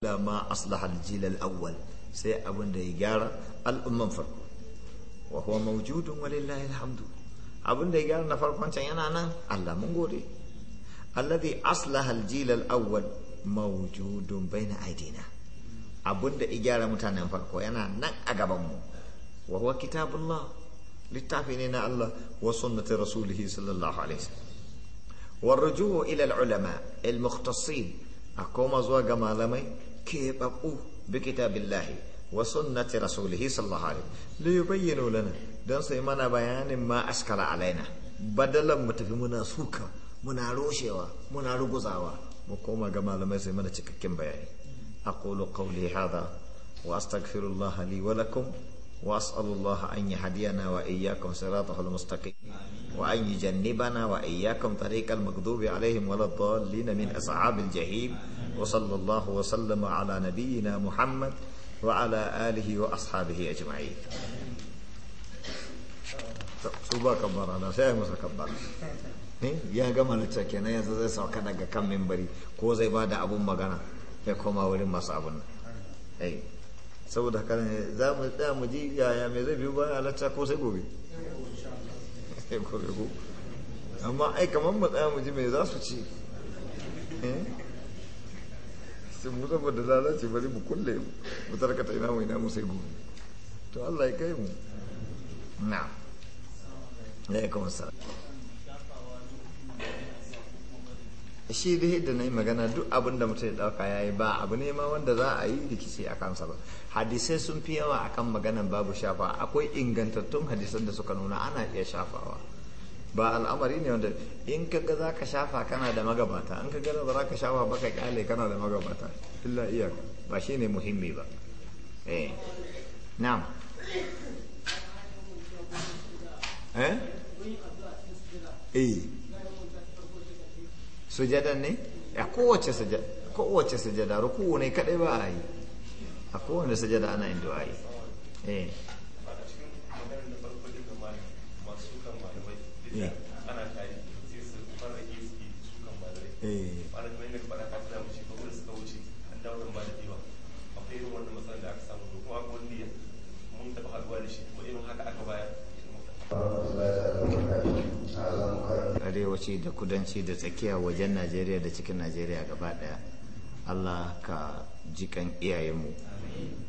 illa ma aslaha al-jil al-awwal sai abin da ya gyara al'umman farko wa huwa mawjudun walillahi alhamdu abin da ya gyara na farkon can yana nan Allah mun gode alladhi aslaha al-jil al-awwal mawjudun baina aidina abin da ya gyara mutanen farko yana nan a gaban mu wa huwa kitabullah littafi ne na Allah wa sunnati rasulihi sallallahu alaihi wasallam والرجوع إلى العلماء المختصين أقوم ga malamai. keɓaɓɓu bi kitabillahi wa sunnati rasulihi sallallahu alaihi li yubayyinu lana don sai mana bayanin ma askara alaina badalan mu tafi muna suka muna roshewa muna ruguzawa mu koma ga malamai sai mana cikakken bayani aqulu qawli hadha wa astaghfirullaha li wa lakum وأسأل الله Wa يهدينا وإياكم صراطه wa وأن يجنبنا وإياكم طريق المغضوب عليهم ولا الضالين من أصحاب jahim. وصلى الله وسلم على نبينا محمد وعلى آله وأصحابه أجمعين سوبا كبر أنا مسا كبر ya gama sai mu saboda lalace bari mu kulle mu tarkata ina mu ina mu sai gobe to Allah ya kai mu na alaikum shi dai da na yi magana duk abin da mutum ya dauka ya yi ba abu ne ma wanda za a yi rikici a kansa ba hadisai sun fi yawa akan maganan babu shafa akwai ingantattun hadisan da suka nuna ana iya shafawa ba al'amari ne wanda in kaga za ka shafa kana da magabata in kaga za ka shafa baka kyale kana da magabata illa iya ba shi ne muhimmi ba eh na'am eh, eh. sujada ne a kowace sujada kowace sujada ruku ne kadai ba a yi a kowane sujada ana yin du'a eh ana tare sai su fara iski ba da ana kuma inda faɗa kafin da mace kawai suka wuce an dawo da da yawa akwai irin wannan matsalar da aka samu da kuma akwai wanda mun taɓa haɗuwa da shi kuma irin haka aka baya arewaci da kudanci da tsakiya wajen najeriya da cikin najeriya gaba daya allah ka jikan iyayenmu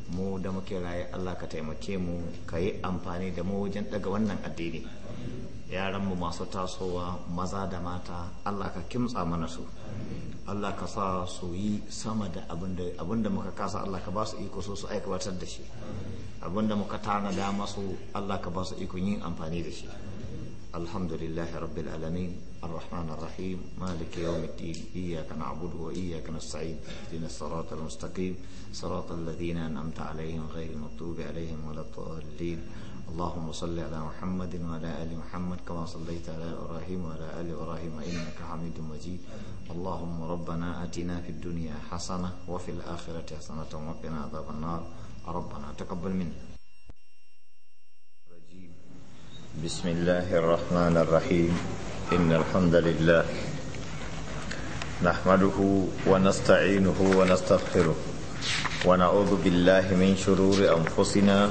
mu da muke raye allah ka taimake mu ka yi amfani da mu wajen daga wannan addini yaranmu masu tasowa maza da mata Allah ka kimtsa mana su Allah ka sa su yi sama da abinda. muka kasa Allah ka ba su iko so su aikawatar da shi Abinda muka muka tanada masu Allah ka ba su iko yin amfani da shi alhamdulillahi rabbil alamin الرحمن الرحيم مالك يوم الدين إياك نعبد وإياك نستعين اهدنا الصراط المستقيم صراط الذين أنعمت عليهم غير المغضوب عليهم ولا الضالين اللهم صل على محمد وعلى آل محمد كما صليت على إبراهيم وعلى آل إبراهيم إنك حميد مجيد اللهم ربنا آتنا في الدنيا حسنة وفي الآخرة حسنة وقنا عذاب النار ربنا تقبل منا بسم الله الرحمن الرحيم إن الحمد لله نحمده ونستعينه ونستغفره ونعوذ بالله من شرور أنفسنا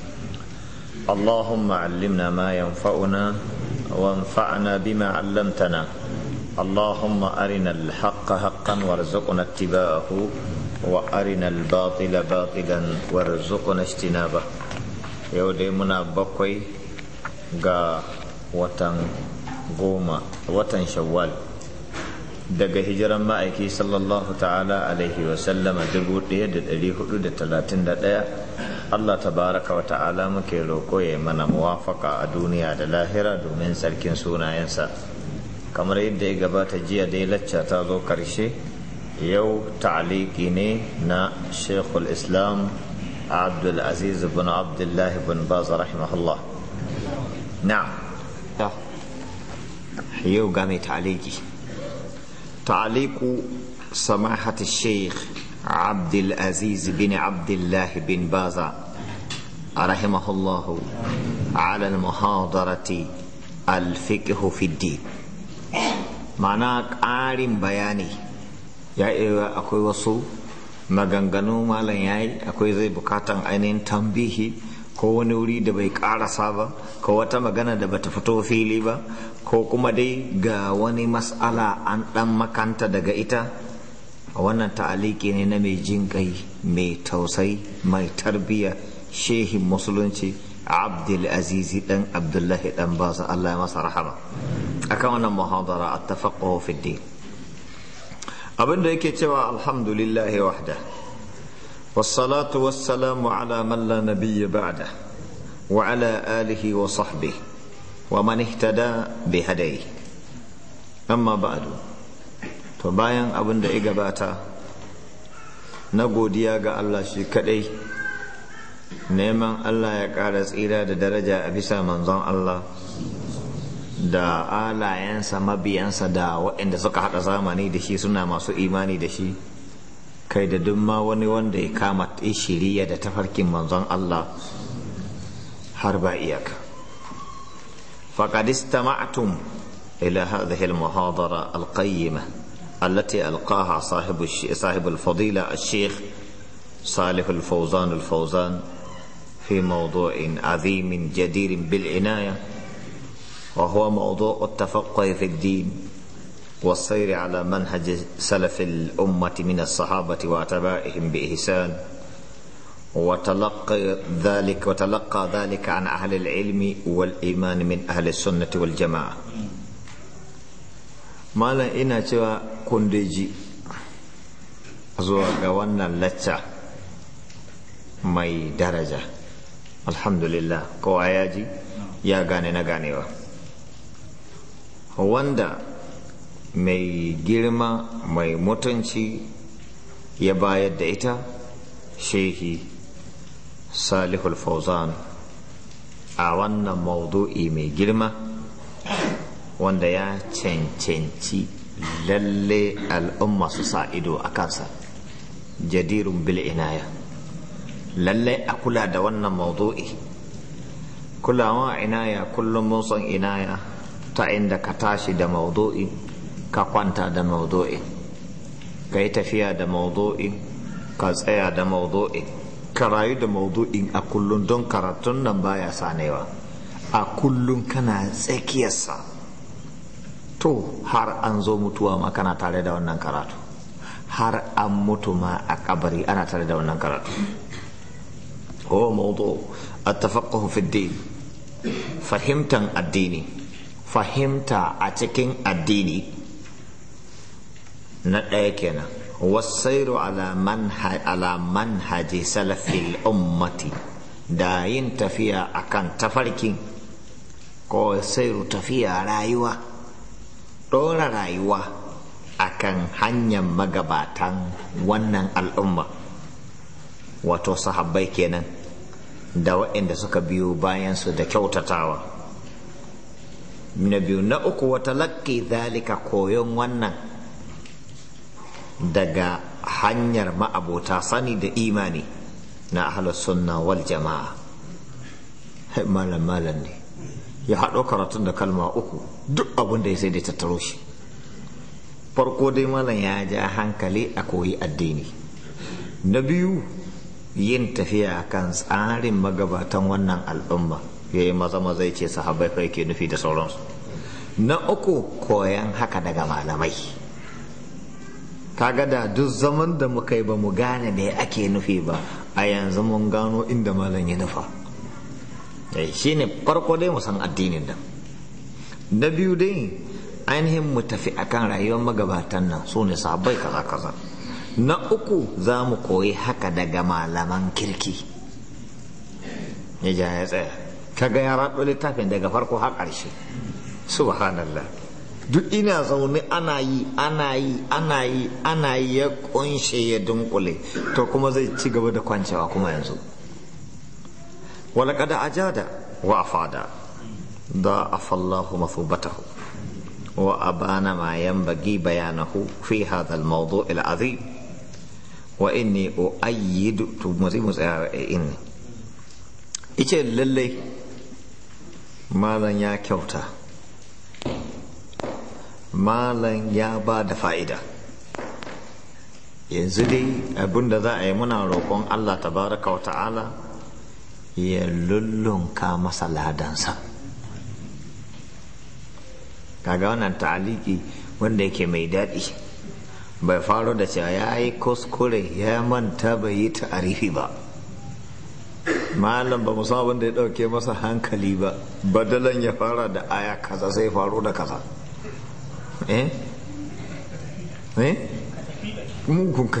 اللهم علمنا ما ينفعنا وانفعنا بما علمتنا اللهم أرنا الحق حقا وارزقنا اتباعه وأرنا الباطل باطلا وارزقنا اجتنابه يودي منا بقوي غا وطن goma watan shawwal daga hijiran ma'aiki sallallahu ta'ala alaihi wasallama 1431 Allah tabaraka wa ta'ala muke roƙo ya mana muwafaka a duniya da lahira domin sarkin sunayensa kamar yadda ya gabata jiya dai lacca ta zo karshe yau ta'aliki ne na shekul islam abdul aziz bin abdullahi bin baz rahimahullah na'am yau ga mai ta'aliki ta'aliku samahati sheikh عبد العزيز بن عبد الله بن بازا رحمه الله على المحاضرة الفقه في الدين معنى قارن بياني يا إيوا أكوي وصو maganganu malam ya akwai zai bukatan ainihin tambihi ko wani wuri da bai karasa ba ko wata magana da bata fito fili ba ko kuma dai ga wani mas'ala an dan makanta daga ita wannan ta'aliki ne na mai jin kai mai tausayi mai tarbiyya shehin musulunci abdul azizi dan abdullahi dan basa Allah ya masa rahama akan wannan muhadara at-tafaqquh fi din abinda yake cewa alhamdulillahi wahda wassalatu wassalamu ala man la nabiyya ba'da wa ala alihi wa sahbihi wa man ihtada bi hadayhi amma ba'du to bayan abinda ya gabata na godiya ga Allah shi kadai neman Allah ya ƙara tsira da daraja a bisa manzon Allah da alayensa mabiyansa da waɗanda suka haɗa zamani da shi suna masu imani da shi kai da duk ma wani wanda ya kama shiriya da tafarkin manzon Allah har ba iyaka فقد استمعتم إلى هذه المحاضرة القيمة التي ألقاها صاحب, الش... صاحب الفضيلة الشيخ صالح الفوزان الفوزان في موضوع عظيم جدير بالعناية وهو موضوع التفقه في الدين والسير على منهج سلف الأمة من الصحابة وأتباعهم بإحسان وتلقى ذلك وتلقى ذلك عن أهل العلم والإيمان من أهل السنة والجماعة ما لا cewa kundeji zuwa زوا جوانا لتشا ماي درجه alhamdulillah kowa ya ji ya gane na ganewa wanda mai girma mai mutunci ya bayar da ita shehi salihul fauzan a wannan maudu'i mai girma wanda ya cancanci lalle al'umma su sa ido a kansa jadirun bil'inaya lallai a kula da wannan mawdu'i kulawa inaya kullum mun san inaya ta inda ka tashi da mawdu'i ka kwanta da mawdu'i ka yi tafiya da mawdu'i ka tsaya da mawdu'i ka rayu da mawdu'in a kullum don karatun nan baya sanewa a kullum kana tsakiyarsa to har an zo mutuwa ma kana tare da wannan karatu har an mutu ma a kabari ana tare da wannan karatu هو موضوع التفقه في الدين فهمتا الديني فهمتا أتكين الديني نتأكينا والسير على منهج على منهج سلف الأمة da yin tafiya a kan tafarki ko sai tafiya rayuwa ɗora rayuwa a kan hanyar magabatan wannan al'umma wato sahabbai kenan da waɗanda suka biyo bayan su da kyautatawa na biyu na uku wata lakki zalika koyon wannan daga hanyar ma'abota sani da imani na ahalar sunna wal jama'a malam malam ne ya haɗo karatun da kalma uku duk abin da ya sai da tattaro shi farko dai malam ya ja hankali a koyi addini na biyu yin tafiya kan tsarin magabatan wannan al'umma ya yi maza maza ce sahabai kai ke nufi da sauransu na uku koyan haka daga malamai kaga da duk zaman da muka yi ba mu gane me ake nufi ba a yanzu mun gano inda malam ya nufa eh, shi ne farko dai musan addinin da na biyu dai ainihin mu tafi akan rayuwar magabatan nan su ne sabai kaza kaza na uku za mu koyi haka daga malaman kirki ya ya tsaya kaga ya rado littafin daga farko har ƙarshe subhanallah duk ina zaune ana yi ana yi ana yi ana yi ya kunshe ya dunkule to kuma zai ci gaba da kwancewa kuma yanzu walaƙada ajada wa afada da afallahu masubatahu wa a bana ma bagi bayanahu fi hadha al-mawdu' al wa inni ayi to mu sai mu inni ice lalle malan ya kyauta malan ya ba da fa'ida yanzu dai abin da za a yi muna roƙon Allah tabaraka wa ta'ala ya lullunka masa ladansa kaga wannan ta'aliki wanda yake mai daɗi bai faru da cewa ya yi kuskure ya manta bai yi ta'arifi ba malam ba musamman abin da ya dauke masa hankali ba badalan ya fara da aya kaza sai faru da kaza eh eh mugun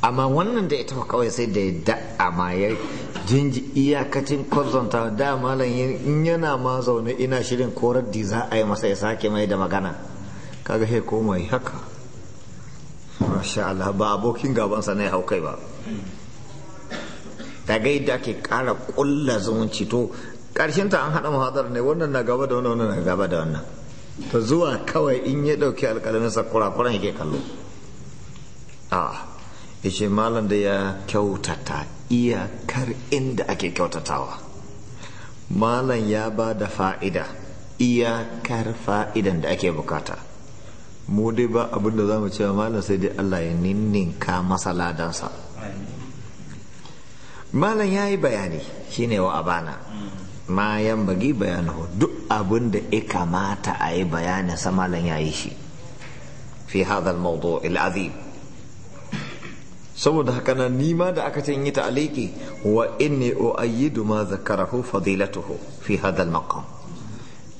amma wannan da ya taba kawai sai da ya da'a ma ya jinji iyakacin kwazanta da malam yana ma zaune ina shirin korar di za a yi masa ya sake mai da magana kaga sai koma yi haka masha Allah ba abokin gabansa na ya hau kai ba daga yadda ake kara kulla zumunci to karshen ta an haɗa mahadar ne wannan na gaba da wannan na gaba da wannan to zuwa kawai in ya ɗauki alƙalaminsa kurakuran yake kallo a ce malam da ya kyautata iyakar inda ake kyautatawa malam ya ba da fa'ida iyakar fa'idan da ake bukata mu dai ba abin da za mu cewa malam sai dai Allah ya ninninka masa ladansa malam ya yi bayani shine wa abana ma yan bagi bayanahu duk abin da ya kamata a yi bayanin sa malam ya yi shi fi hadal mawdu azim saboda haka na nima da aka ce yi aliki wa inni uayyidu ma zakarahu fadilatuhu fi hadal maqam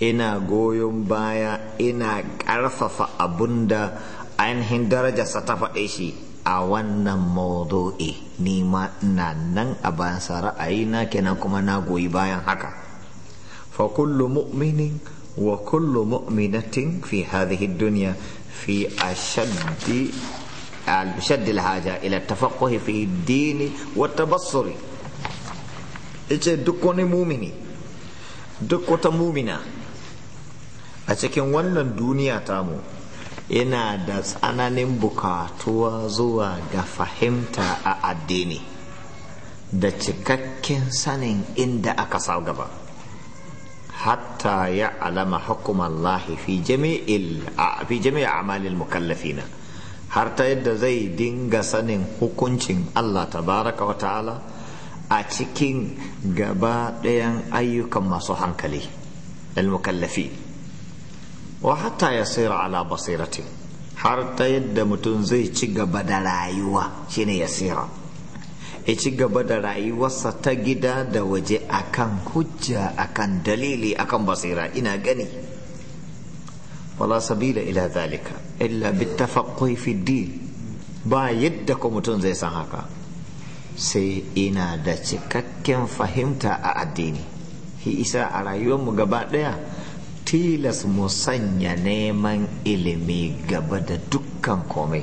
ina goyon baya ina ƙarfafa abun da ainihin darajarsa ta faɗe shi a wannan maudu'i ni ma ina nan a bayan ra'ayi na kenan kuma na goyi bayan haka fa kullu mu'minin wa kullu mu'minatin fi hadhihi dunya fi ashaddi ashaddi ila tafaqquhi fi dini wa tabassuri yace duk wani mumini duk wata mumina a cikin wannan duniya tamu yana da tsananin bukatuwa zuwa ga fahimta a addini da cikakken sanin inda aka sa gaba hatta ya alama hukumallahi fi jami'a amalin mukallafina har ta yadda zai dinga sanin hukuncin Allah tabaraka wa ta'ala a cikin gaba ɗayan ayyukan masu hankali al-mukallafi wa hatta ya sira ala basirati har ta yadda mutum zai ci gaba da rayuwa shine ya siyar? ya ci gaba da rayuwarsa ta gida da waje akan hujja akan dalili akan basira ina gani wala sabila ila zalika illa bittafaqquhi fi din ba yadda ko mutum zai san haka sai ina da cikakken fahimta a addini hi isa a rayuwarmu gaba daya tilas mu sanya neman ilimi gaba da dukkan komai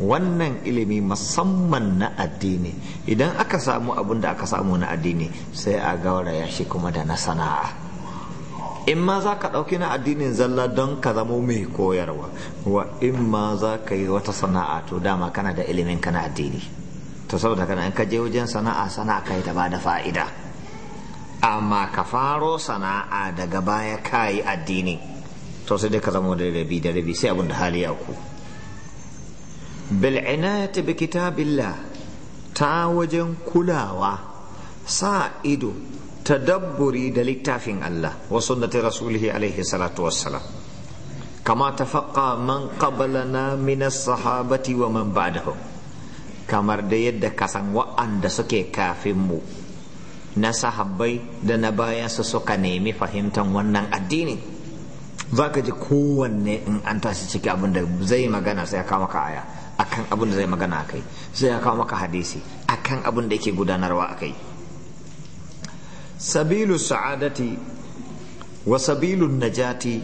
wannan ilimi musamman na addini idan aka samu abin da aka samu na addini sai a gauraya shi kuma da na sana'a in ma za ka ɗauki na addinin zalla don ka zama mai koyarwa wa in ma za ka yi wata sana'a to dama kana da ilimin kana addini to saboda kana in ka je wajen sana'a sana'a kai ta ba da fa'ida amma ka faro sana'a daga baya kayi addini to sai dai ka zama da rabi da rabi sai abin da hali ya ku bil'inati bi kitabillah ta wajen kulawa sa ido tadabburi da littafin Allah wa sunnati rasulihi alaihi salatu wassalam kama tafaqqa man qablana min as-sahabati wa man ba'dahu kamar da yadda kasan wa'anda suke kafin mu na sahabbai da na baya su suka nemi fahimtar wannan addini za ka ji kowanne in an tashi ciki abin da zai magana sai ya kawo maka aya akan abin da zai magana akai sai ya kawo maka hadisi akan abin da yake gudanarwa akai sabilu sa'adati wa sabilu najati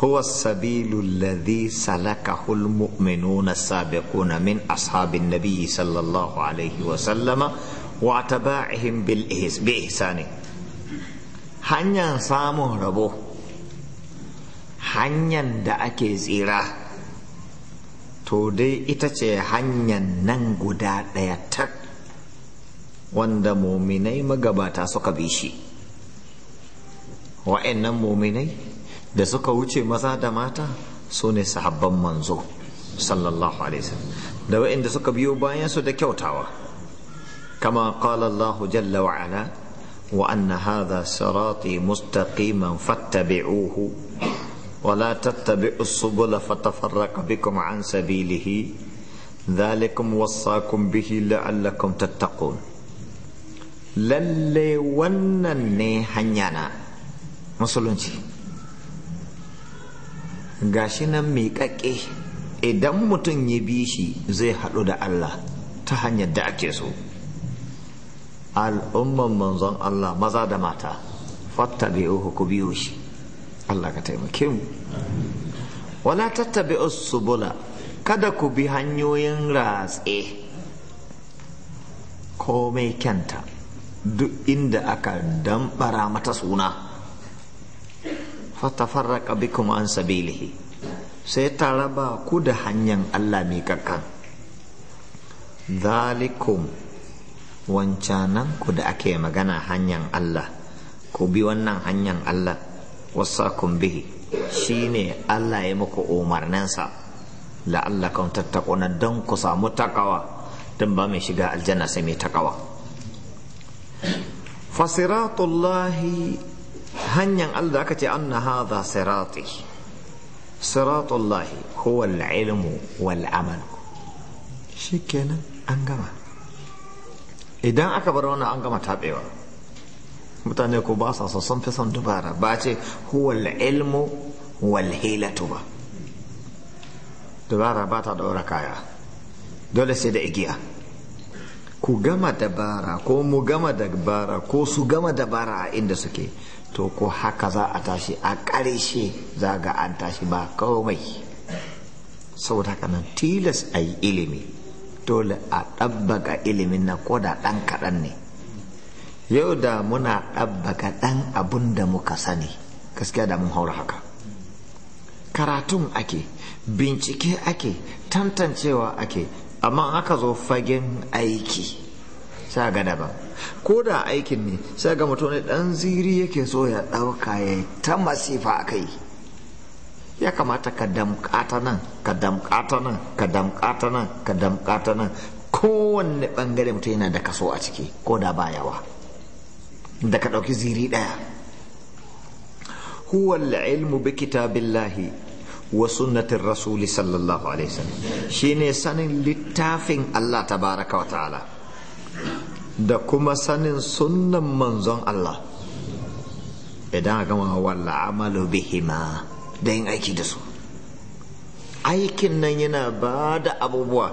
huwa sabilu alladhi salaka hul muminuna sabiquna min ashabin nabiyyi sallallahu alaihi wa sallama wa tabaihim bil ihsani hanyar samun rabo hanyar da ake tsira to dai ita ce hanyar nan guda ɗaya tak wanda muminai magabata suka bi shi wa'annan muminai da suka wuce maza da mata su ne sahabban manzo sallallahu alaihi wasallam da wa'anda suka biyo bayan su da kyautawa كما قال الله جل وعلا وأن هذا صراطي مستقيما فاتبعوه ولا تتبعوا السبل فتفرق بكم عن سبيله ذلكم وصاكم به لعلكم تتقون lalle wannan ne hanya na musulunci gashi nan miƙaƙe idan mutum ya bi shi zai haɗu da Allah ta hanyar da ake so al'umman manzon Allah maza da mata fattabi'uhu ku biyo shi Allah ka taimake mu wala tattabi'u subula kada ku bi hanyoyin ratse komai kyanta duk inda aka dambara mata suna fatafarraqa bikum an sabilihi sai ta raba ku da hanyar Allah mai kakkan zalikum wancanan ku da ake magana hanyar Allah ku bi wannan hanyar Allah wasakun bihi shine Allah ya muku umarninsa la'allakum tattaquna don ku samu takawa don ba mai shiga aljanna sai mai takawa fasiratullahi hanyar Allah aka ce anna hadha sirati siratullahi huwa al-ilmu wal amal shikenan an gama idan aka bar wannan an gama taɓewa mutane ko ba sa son fi son dubara ba ce huwal ilmu wal hilatu ba dubara ba ta daura kaya dole sai da igiya ku gama dabara ko mu gama dabara ko su gama dabara a inda suke to ko haka za a tashi a ƙarshe za ga an tashi ba komai saboda haka nan tilas a yi ilimi dole a ɗabbaga ilimin na koda ɗan kaɗan ne yau da muna ɗabbaga ɗan abun da muka sani gaskiya da mun haura haka karatun ake bincike ake tantancewa ake amma aka zo fagen aiki sa ga daban ko da aikin ne sai ga mutum ne ɗan ziri yake so ya ɗauka ya ta masifa a kai ya kamata ka damƙata nan ka damƙata nan ka damƙata nan ka damƙata nan kowanne ɓangare mutum yana da kaso a ciki ko da ba yawa da ka ɗauki ziri ɗaya huwal ilmu bi kitabillahi wa sunnatin rasuli sallallahu alaihi wasallam shine sanin littafin Allah tabaraka wa ta'ala da kuma sanin sunnan manzon Allah idan a gama wal amalu bihima da yin aiki da su aikin nan yana ba da abubuwa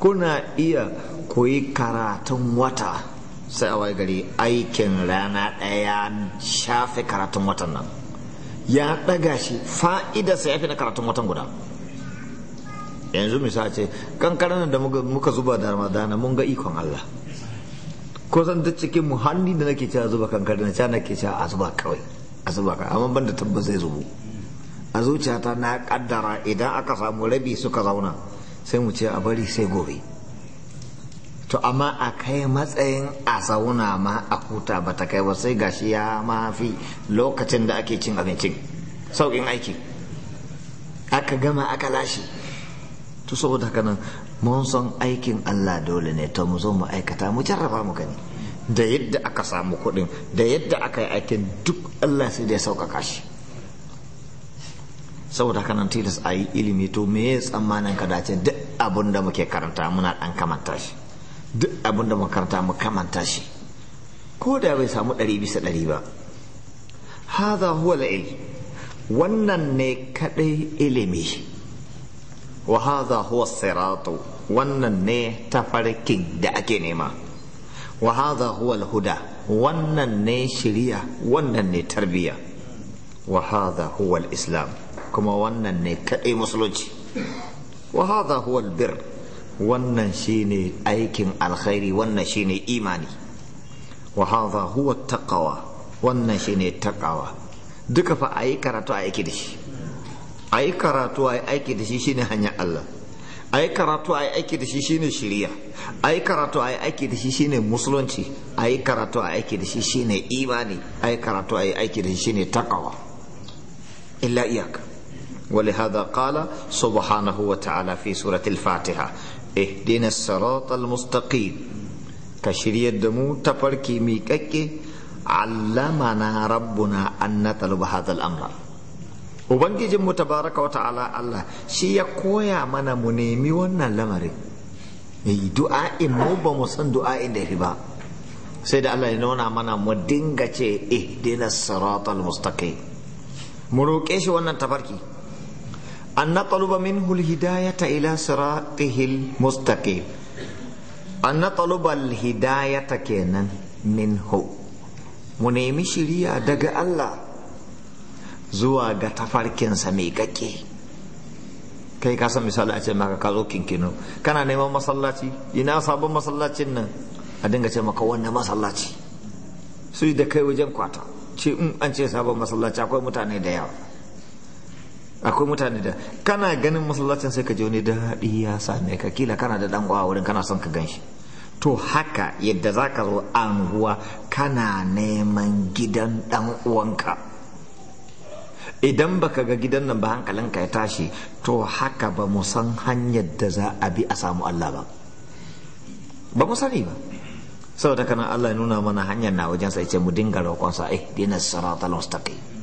kuna iya koyi karatun wata sai a gari aikin rana ɗaya shafe karatun watan nan ya ɗaga shi fa'idarsa ya fi na karatun watan guda yanzu misali ce kankaran da muka zuba da ramadana mun ga ikon Allah ko san duk cikin muhalli da nake cewa zuba kankaran na nake cewa a zuba kawai a zuba kawai amma ban da tabbas zai zubo a zuciyata na kaddara idan aka samu rabi suka zauna sai mu ce a bari sai gobe to amma a kai matsayin a zauna ma a huta ba ta kai ba sai gashi ya mafi lokacin da ake cin abincin sauƙin aiki aka gama aka lashe to saboda haka nan mun san aikin Allah dole ne ta mu zo mu aikata mu jarraba mu gani da yadda aka samu kuɗin da yadda aka yi aikin duk Allah sai da ya sauƙaƙa shi saboda haka nan tilas a yi ilimi to me tsammanin ka dace duk abin da muke karanta muna dan kamanta shi duk abin da karanta mu kamanta shi ko da bai samu ɗari bisa ɗari ba haza huwa la'il wannan ne kaɗai ilimi wa haza huwa siratu wannan ne tafarkin da ake nema wa haza huwa huda wannan ne shiriya wannan ne tarbiyya. wa haza huwa islam kuma wannan ne kaɗai musulunci wa hadha huwa wannan shine aikin alkhairi wannan shine imani wa hadha huwa taqwa wannan shine taqwa duka fa ayi karatu aiki da shi ayi karatu ayi aiki da shi shine hanyar Allah ayi karatu ayi aiki da shi shine shiriya ayi karatu ayi aiki da shi shine musulunci ayi karatu ayi aiki da shi shine imani ayi karatu ayi aiki da shi shine taqwa illa iyaka ولهذا قال سبحانه وتعالى في سورة الفاتحة اهدنا الصراط المستقيم كشري الدمو تفركي ميكك علمنا ربنا أن نطلب هذا الأمر Ubangijinmu tabaraka wa ta'ala Allah shi ya koya mana mu nemi wannan lamarin. Yi du'a'in mu ba mu san du'a'in da ba. Sai da Allah ya nuna mana mu dinga ce ihdinas siratal mustaqim. Mu roƙe shi wannan tafarki. an na taluba min hulhidaya ta ila sira tihil mustaƙi an na taluba ta kenan min mu nemi shiriya daga Allah zuwa ga tafarkinsa mai gake kai ka san misali a ce maka ka zo kinkino kana neman masallaci ina sabon masallacin nan a dinga ce maka wannan masallaci su yi da kai wajen kwata ce in an ce sabon masallaci akwai mutane da yawa akwai mutane da kana ganin masallacin sai ka je wani daɗi ya same ka kila kana da dan uwa wurin kana son ka gan shi to haka yadda za ka zo anguwa kana neman gidan dan uwanka idan baka ga gidan nan ba hankalinka ya tashi to haka ba mu san hanyar da za a bi a samu Allah ba ba mu sani ba saboda kana Allah ya nuna mana hanyar na wajen sai ce mu dinga roƙonsa eh dinas siratal mustaqim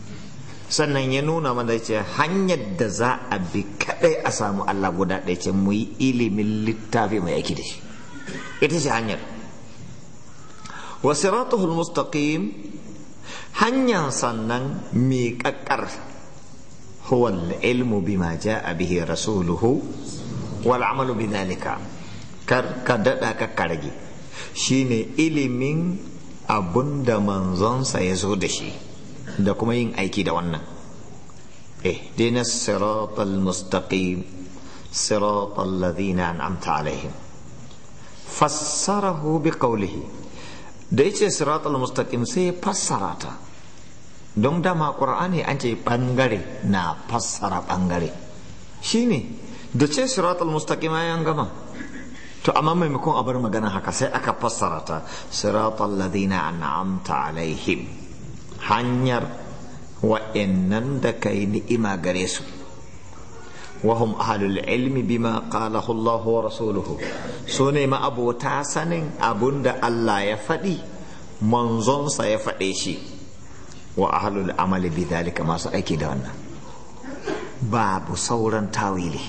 sannan ya nuna mana ce hanyar da za a bi kadai a samu Allah guda ɗaya ce mu yi ilimin littafi mai aiki da shi ita ce hanyar wasiratuhul mustaqim hanyar sannan mai kakkar huwal ilmu bima ja'a bihi rasuluhu wal amalu bidhalika kar ka dada ka karge shine ilimin abunda manzonsa ya zo da shi da kuma yin aiki da wannan eh, siratal ladina an'amta alaihim fassarahu bi qawlihi Da yace siratal mustaqim sai fassara ta don dama ƙur'ani an ce bangare na fassara bangare. shine da ce siratal mustaqim gama to amma maimakon a bar magana haka sai aka fassara ta siratal ladina an'amta alaihim hanyar wa'annan da kai ni'ima gare su wahum ahlul ilmi bima qalahu Allah wa rasuluhu so ne ma abota sanin abunda Allah ya faɗi manzonsa ya faɗe shi wa ahlul amali bi dalika masu aiki da wannan babu sauran tawili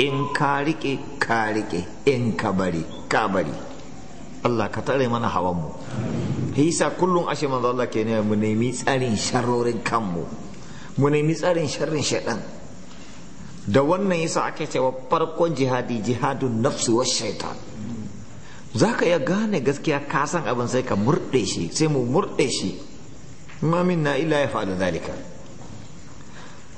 in ka rike ka rike in ka bari ka bari Allah ka tare mana hawan mu hisa kullum ashe manzo Allah ke ne mu nemi tsarin sharrorin kanmu mu nemi tsarin sharrin shaɗan. da wannan yasa ake cewa farkon jihadi jihadun nafsu wa shaitan zaka ya gane gaskiya ka san abin sai ka murde shi sai mu murde shi ma minna illa ya fa'alu zalika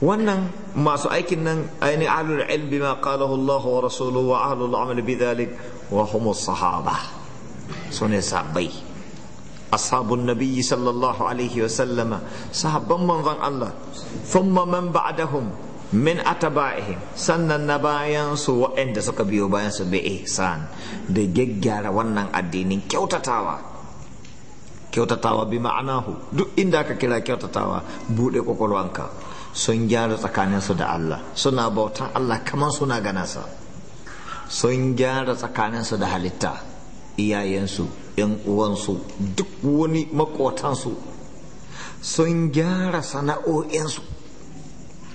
wannan masu aikin nan aini ahlul ilmi ma qalahu Allah wa rasuluhu wa ahlul amal bi dhalik wa humus sahaba sune sabai ashabun nabiyyi sallallahu alaihi wa sallama sahabban manzon Allah thumma man ba'dahum min atabaihim sannan na bayan su waɗanda suka biyo bayan su bi ihsan da gaggara wannan addinin kyautatawa kyautatawa bi ma'anahu duk inda aka kira kyautatawa bude kwakwalwanka sun gyara tsakaninsu da Allah suna bautan Allah kamar suna ganasa sun gyara tsakaninsu da halitta iyayensu 'yan uwansu duk wani makotansu sun gyara sana'o'insu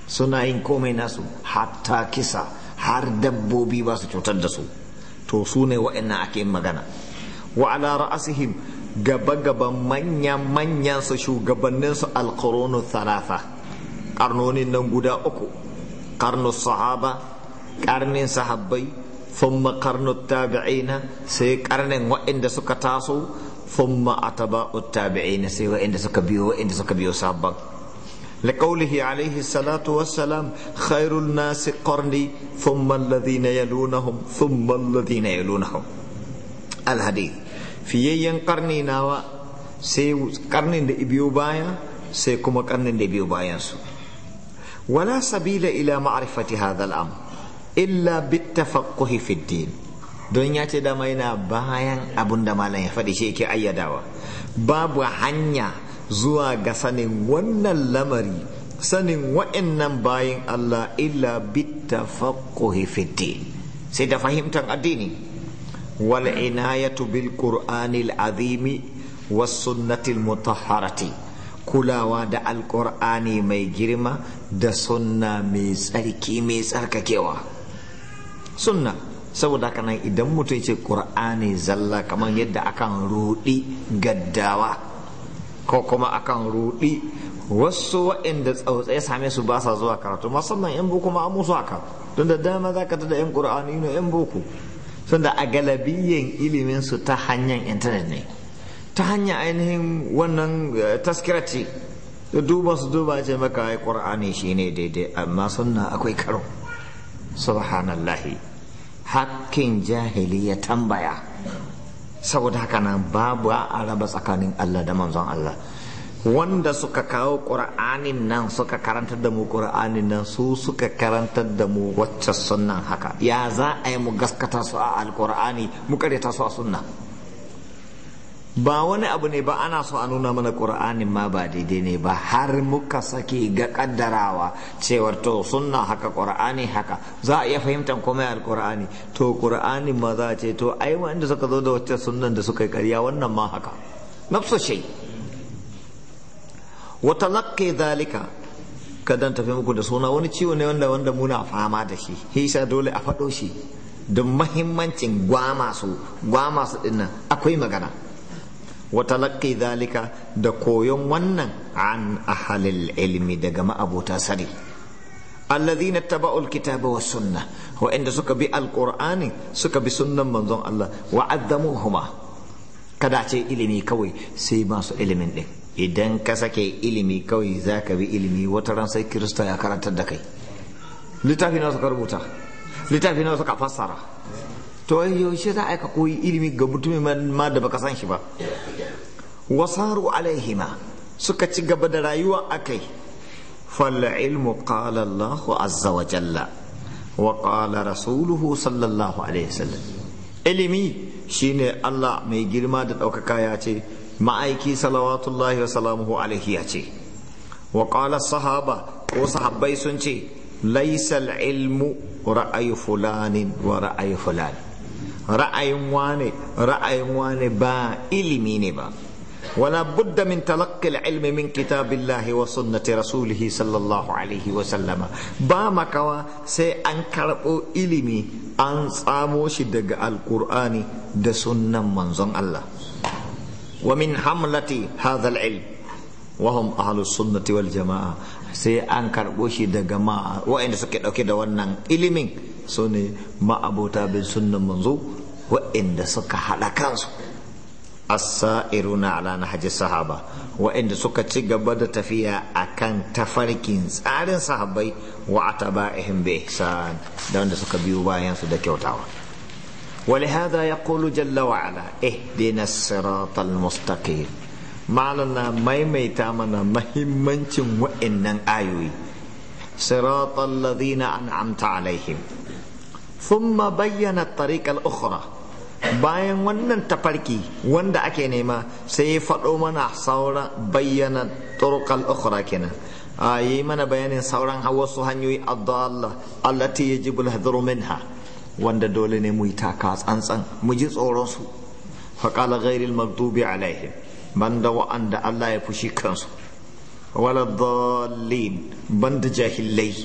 suna yin komai nasu hatta kisa har dabbobi ba su cutar da su to su ne wa'annan ake yin magana wa ala ra'asihim gaba-gaban manyan su shugabanninsu alkoronu thalatha karnonin nan guda uku karnus sahaba karnin sahabbai ثم قرن التابعين سي قرن وإن سكا تاسو ثم أتباع التابعين سي وإن سكا بيو وإن سكا بيو سابق لقوله عليه الصلاة والسلام خير الناس قرني ثم الذين يلونهم ثم الذين يلونهم الحديث في ين قرني ناوى سي قرني بيو بايا سي كما قرني بيو بايا ولا سبيل إلى معرفة هذا الأمر illa bittafaqquhi fid din don ya ce dama yana bayan abun da malam ya faɗi shi yake ayyadawa babu hanya zuwa ga sanin wannan lamari sanin wa'annan bayan Allah illa bittafaqquhi fid din sai da fahimtar addini wal inayatu bil qur'anil azimi was sunnatil mutahharati kulawa da alƙur'ani mai girma da sunna mai tsarki mai tsarkakewa sunna saboda haka nan idan mutum ce ƙur'ani zalla kamar yadda akan rudi gaddawa ko kuma akan rudi wasu waɗanda tsautsaye same su ba sa zuwa karatu musamman yan boko ma musu haka don da dama za ka da yan qur'ani ne yan boko sun da a galabiyyan ilimin su ta hanyar intanet ne ta hanyar ainihin wannan eh, taskirati ce duba su duba ce maka ai qur'ani shine daidai amma sunna akwai karo subhanallahi hakkin jahiliya tambaya saboda haka nan babu a raba tsakanin Allah da manzon Allah wanda suka kawo ƙur'anin nan suka karantar da mu ƙura'anin nan su suka karantar da mu wacce sunnan haka ya za a yi mu gaskata su a alƙur'ani mu karyata su a sunna ba wani abu ne ba ana so a nuna mana ƙura'anin ma ba daidai ne ba har muka saki ga ƙaddarawa cewar to sunna haka ƙura'ani haka za a iya fahimtar komai alƙura'ani to ƙura'ani ma za a ce to ai wanda suka zo da wacce sunnan da suka yi ƙarya wannan ma haka nafsu shai wa talaqqi zalika kadan tafi muku da suna wani ciwo ne wanda wanda muna fama da shi hisa dole a faɗo shi don mahimmancin gwama su gwama su dinnan akwai magana watalaki zalika da koyon wannan an ahalil ilmi daga ma'abota sani allazina taba'ul kitaba was sunna wa inda suka bi alqur'ani suka bi sunnan manzon Allah wa azzamuhuma kada ce ilimi kawai sai masu ilimin ɗin, idan ka sake ilimi kawai zaka bi ilimi wata ran sai kirista ya karantar da kai littafi na suka rubuta littafi na suka fassara to yaushe za a ka koyi ilimi ga mutumin ma da baka san shi ba wasaru alaihima suka ci gaba da rayuwa akai fal ilmu qala azza wa jalla wa qala rasuluhu sallallahu alaihi wasallam ilimi shine Allah mai girma da daukaka ya ce ma'aiki salawatullahi wa salamuhu alaihi ya ce wa qala sahaba ko sahabbai sun ce laisal ilmu ra'ayi fulanin wa ra'ayi fulani ra'ayin wane ra'ayin wane ba ilimi ne ba wala budda min talaqqi ilmi kitabillahi wa sunnati rasulih sallallahu wa sallama ba makawa sai an karbo ilimi an tsamo shi daga Alkur'ani da sunnan manzon Allah wa min hamlati hadha alilm wa hum ahlu sunnati wal jamaa sai an karbo shi daga ma wa'anda suke dauke da wannan ilimin su ne ma'abota bin sunnan manzo wa'inda suka haɗa kansu as na ala nahji sahaba wa'inda suka ci gaba da tafiya akan tafarkin tsarin sahabbai wa ataba'ihim bi ihsan da wanda suka biyo bayan su da kyautawa ولهذا يقول جل وعلا اهدنا الصراط المستقيم معلنا ميميتا منا مهمنشن وإنن آيوي صراط الذين أنعمت عليهم thumma bayyana tariq al-ukhra bayan wannan tafarki wanda ake nema sai ya faɗo mana saura bayyana turuq al-ukhra kenan a yi mana bayanin sauran wasu hanyoyi adalla allati yajibu al-hadru minha wanda dole ne mu yi taka tsantsan mu ji tsoron su fa qala ghayril maghdubi alaihim banda wa'anda Allah ya fushi kansu wala dhallin banda jahilai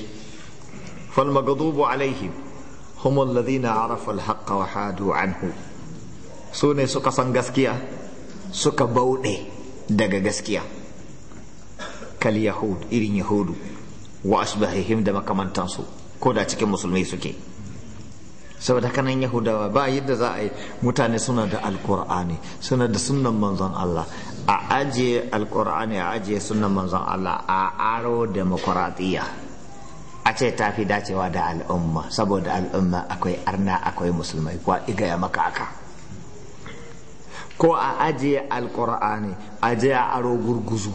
fal maghdubu alaihim humul ladhina arafa al wa hadu anhu su ne suka san gaskiya suka bauɗe daga gaskiya kal yahud irin yahudu wa asbahihim da makamantansu ko da cikin musulmi suke saboda kanan yahudawa ba yadda za a yi mutane suna da alkur'ani suna da sunan manzon Allah a ajiye alkur'ani a ajiye sunan manzon Allah a aro demokradiyya a ce ta fi dacewa da al'umma saboda al'umma akwai arna akwai musulmai kuwa ya maka aka ko a ajiye alkur'ani ajiye a aro gurguzu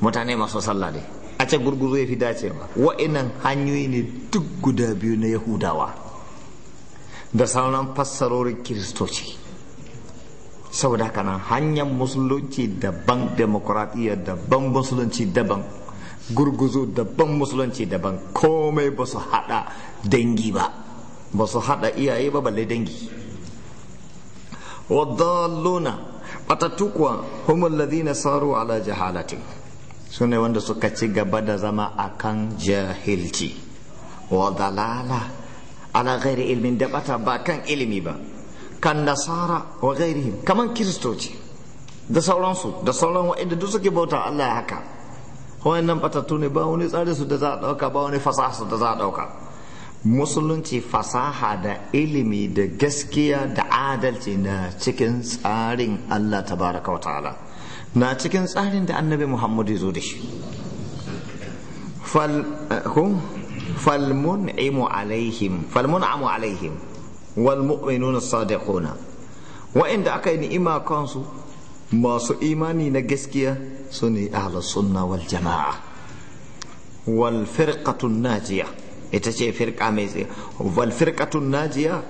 mutane masu sallah ne a ce gurguzu ya fi dacewa wa'inan hanyoyi ne duk guda biyu na yahudawa da sauran fassarorin kiristoci saboda kanan hanyar musulunci daban demokuraɗiyya daban musulunci daban gurguzu daban musulunci daban komai ba su hada dangi ba ba su hada iyaye ba balle dangi wadalluna batattu kuwa humul ladina saru ala jahalatin su ne wanda suka ci gaba da zama akan jahilci wa dalala ala ghairi ilmin da bata ba kan ilimi ba kan nasara wa ghairihim kaman kiristoci da sauransu da sauran wa'inda duk suke bauta Allah haka wayannan batattu ne ba wani tsari su da za a dauka ba wani fasaha su da za a dauka musulunci fasaha da ilimi da gaskiya da adalci na cikin tsarin Allah tabaraka wa ta'ala na cikin tsarin da annabi Muhammadu ya zo da shi فالمنعم عليهم فالمنعم عليهم والمؤمنون الصادقون وإن أكا نئما كونسو masu imani na gaskiya su ne ahlus sunna wal jama'a wal na najiya ita ce firqa mai tsaye wal firqatu najiya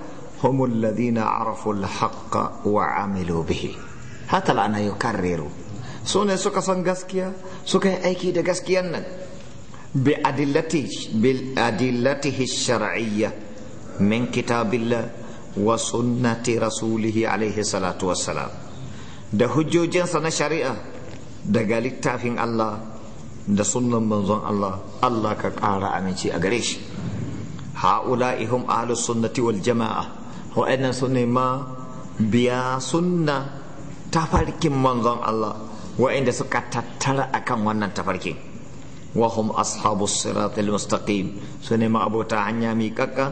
hum alladhina arafu al haqqa wa amilu bihi hata lana yukarriru su ne suka san gaskiya suka yi aiki da gaskiyan nan bi adillatihi bil adillatihi shar'iyya min kitabillah wa sunnati rasulihi da hujjojinsa na shari'a daga littafin Allah da sunnan manzon Allah Allah ka ƙara aminci a gare shi ha'ula hum ahlus sunnati wal jama'a wa'annan sunne ma biya sunna tafarkin manzon Allah wa'inda suka tattara akan wannan tafarkin وهم أصحاب الصراط المستقيم سنما أبو تعنيا ميكاكا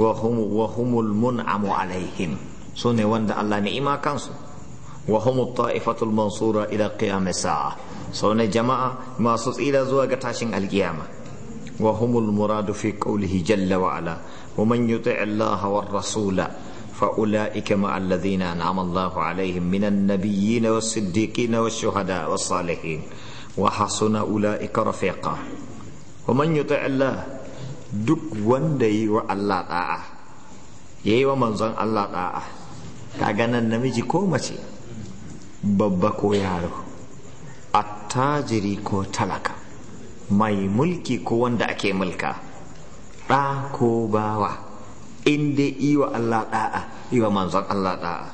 وهم وهم المنعم عليهم سنة وند الله نعمة kansu wa humu ta'ifatul mansura ila qiyamah sa'a so ne jama'a masu tsira zuwa ga tashin alkiyama wa humul muradu fi qawlihi jalla wa ala wa man yuti' Allah wa rasula fa ulaika ma alladhina an'ama Allah alaihim minan nabiyyin was siddiqin was shuhada was salihin wa hasuna ulaika rafiqa wa man yuti' Allah duk wanda yi wa Allah da'a yayi wa manzon Allah da'a kaga nan namiji ko mace babba ko yaro attajiri ko talaka mai mulki ko wanda ake mulka ɗa ko bawa in dai iwa Allah ɗa'a iwa manzon Allah ɗa'a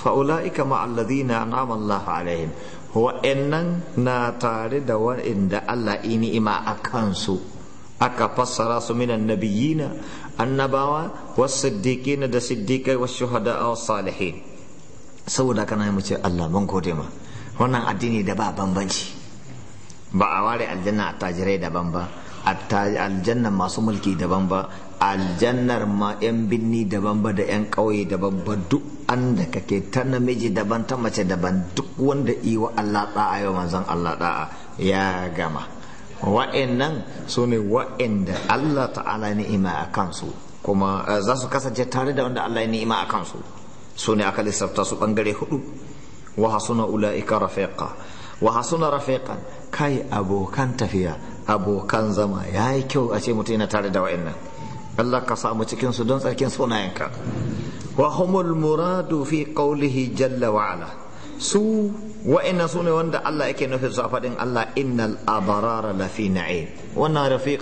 fa'ula'ika ma'alladina na'ama Allah alaihim wa'annan na tare da wa'inda Allah ini ima a kansu aka fassara su minan nabiyina annabawa wasu na da siddiqai wasu wasu salihin saboda kana mu ce Allah mun gode ma wannan addini da ba bambanci ba a ware aljanna a tajirai daban ba aljanna masu mulki daban ba aljannar ma 'yan binni daban ba da 'yan ƙauye daban ba duk an da kake ta namiji daban ta mace daban duk wanda iwa Allah da'a yau manzon Allah da'a. ya gama wa'annan su ne wa'anda Allah ta'ala ni'ima a kansu kuma eh, za su kasance tare da wanda Allah ya ni'ima a kansu su ne aka lissafta su bangare hudu wa hasuna ula'ika rafiqa wa hasuna rafiqan kai abokan tafiya abokan zama ya yi kyau a ce mutum yana tare da wa'annan Allah ka samu cikin su don tsarkin sunayenka wa humul muradu fi qawlihi jalla wa ala su wa'annan su ne wanda Allah yake nufi su a faɗin Allah innal abarara lafi na'im wannan rafiq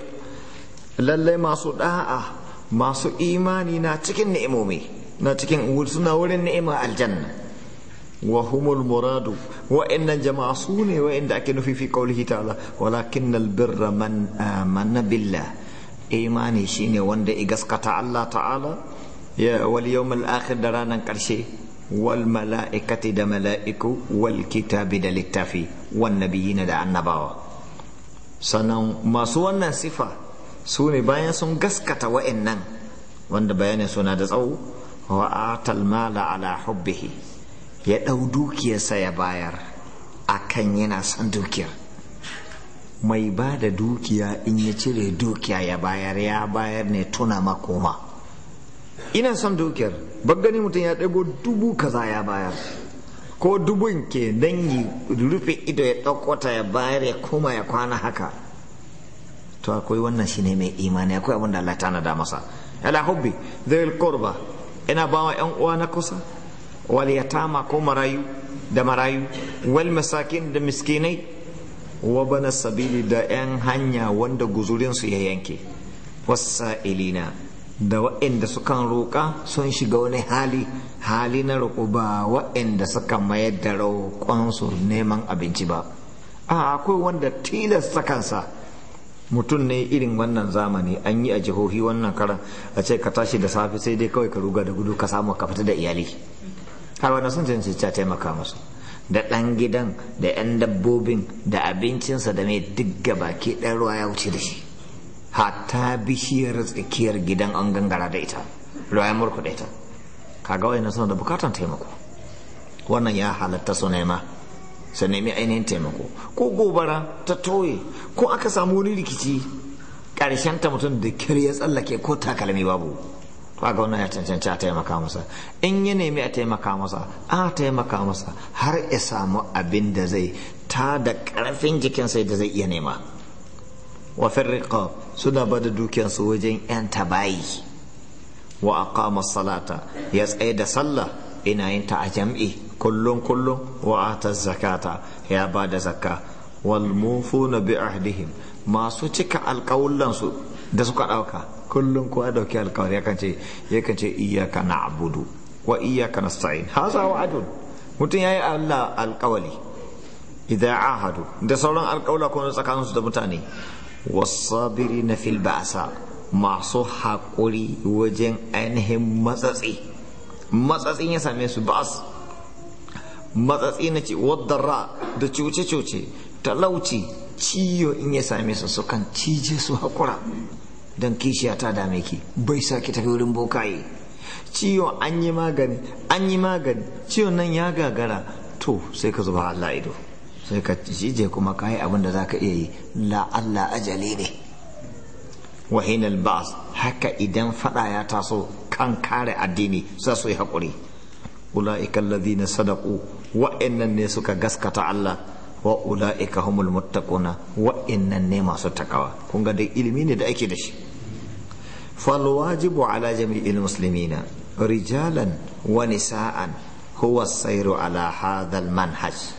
lallai masu da'a masu imani na cikin ni'imomi na cikin suna wurin ni'ima aljanna wa humul muradu wa inna jama'a su ne wa inda ake nufi fi qaulihi ta'ala walakin albirra man amana billah imani shine wanda i gaskata Allah ta'ala ya wal yawmal akhir da ranan karshe wal mala'ikati da mala'iku wal kitabi da littafi wan nabiyina da annabawa sannan masu wannan sifa su ne bayan sun gaskata wa'annan wanda bayanin suna da tsawo wa atal mala ala hubbihi ya ɗau dukiyarsa ya bayar a akan yana son dukiyar mai ba da dukiya in ya cire dukiya ya bayar ya bayar ne tuna makoma ina son dukiyar gani mutum ya ɗago dubu kaza ya bayar ko dubun ke dangi rufe ido ya ɗaukota ya bayar ya koma ya kwana haka to akwai wannan shine mai imani akwai abin da Allah ta nada masa ala hubbi dhil qurba ina ba wa ‘yan uwa na kusa wal yatama ko marayu da marayu wal masakin da miskinai wa bana sabili da ‘yan hanya wanda guzurinsu ya yanke wasa'ilina da wa'inda sukan roƙa sun shiga wani hali hali na roƙo ba wa'inda suka mayar da roƙonsu neman abinci ba a akwai wanda tilasta kansa mutum ne irin wannan zamani an yi a jihohi wannan karan a ce ka tashi da safe sai dai kawai ka ruga da gudu ka samu ka fita da iyali har wani sun cancanci ta taimaka musu da ɗan gidan da 'yan dabbobin da abincinsa da mai gaba baki ɗan ruwa ya wuce da shi hatta bishiyar tsakiyar gidan an gangara da ita ruwa ya da ita kaga wani suna da bukatan taimako wannan ya halatta su nema sa nemi ainihin taimako ko gobara ta toye ko aka samu wani rikici Karshen ta mutum da kyar ya tsallake ko takalmi babu ga wannan ya cancanci a taimaka masa in ya nemi a taimaka masa a taimaka masa har ya samu abin da zai ta da ƙarfin sai da zai iya nema wa firriqa suna ba da su wajen 'yan tabayi wa aqama salata ya tsaye da sallah ina yin ta a jam'i kullum kullum wa ata zakata ya ba da zakka wal mufuna bi ahdihim masu cika alƙawullan su da suka ɗauka kullum ko ya dauki alƙawari yakan ce yakan iyyaka na'budu wa iyyaka nasta'in yayi Allah alƙawali idza ahadu da sauran alƙawla ko tsakanin su da mutane wasabirina fil ba'sa masu haƙuri wajen ainihin matsatsi matsatsin ya same su ba'as matsatsi na ce wadda da cuce-cuce talauci ciyo in ya same su kan cije su haƙura don kishiya ta dame ki bai sa ki tafi wurin bokaye Ciyo an yi magani an yi magani Ciyo nan ya gagara to sai ka zuba Allah ido sai ka cije kuma ka abin da za ka iya yi la Allah ajali ne wahinal ba'as haka idan fada ya taso kan kare addini za su yi haƙuri ula'ika alladhina sadaqu wa'annan ne suka gaskata Allah wa ula'ika humul muttaquna wa'annan ne masu takawa kun ga dai ilimi ne da ake da shi fal wajibu ala jami'il muslimina rijalan wa nisa'an huwa sayru ala hadha manhaj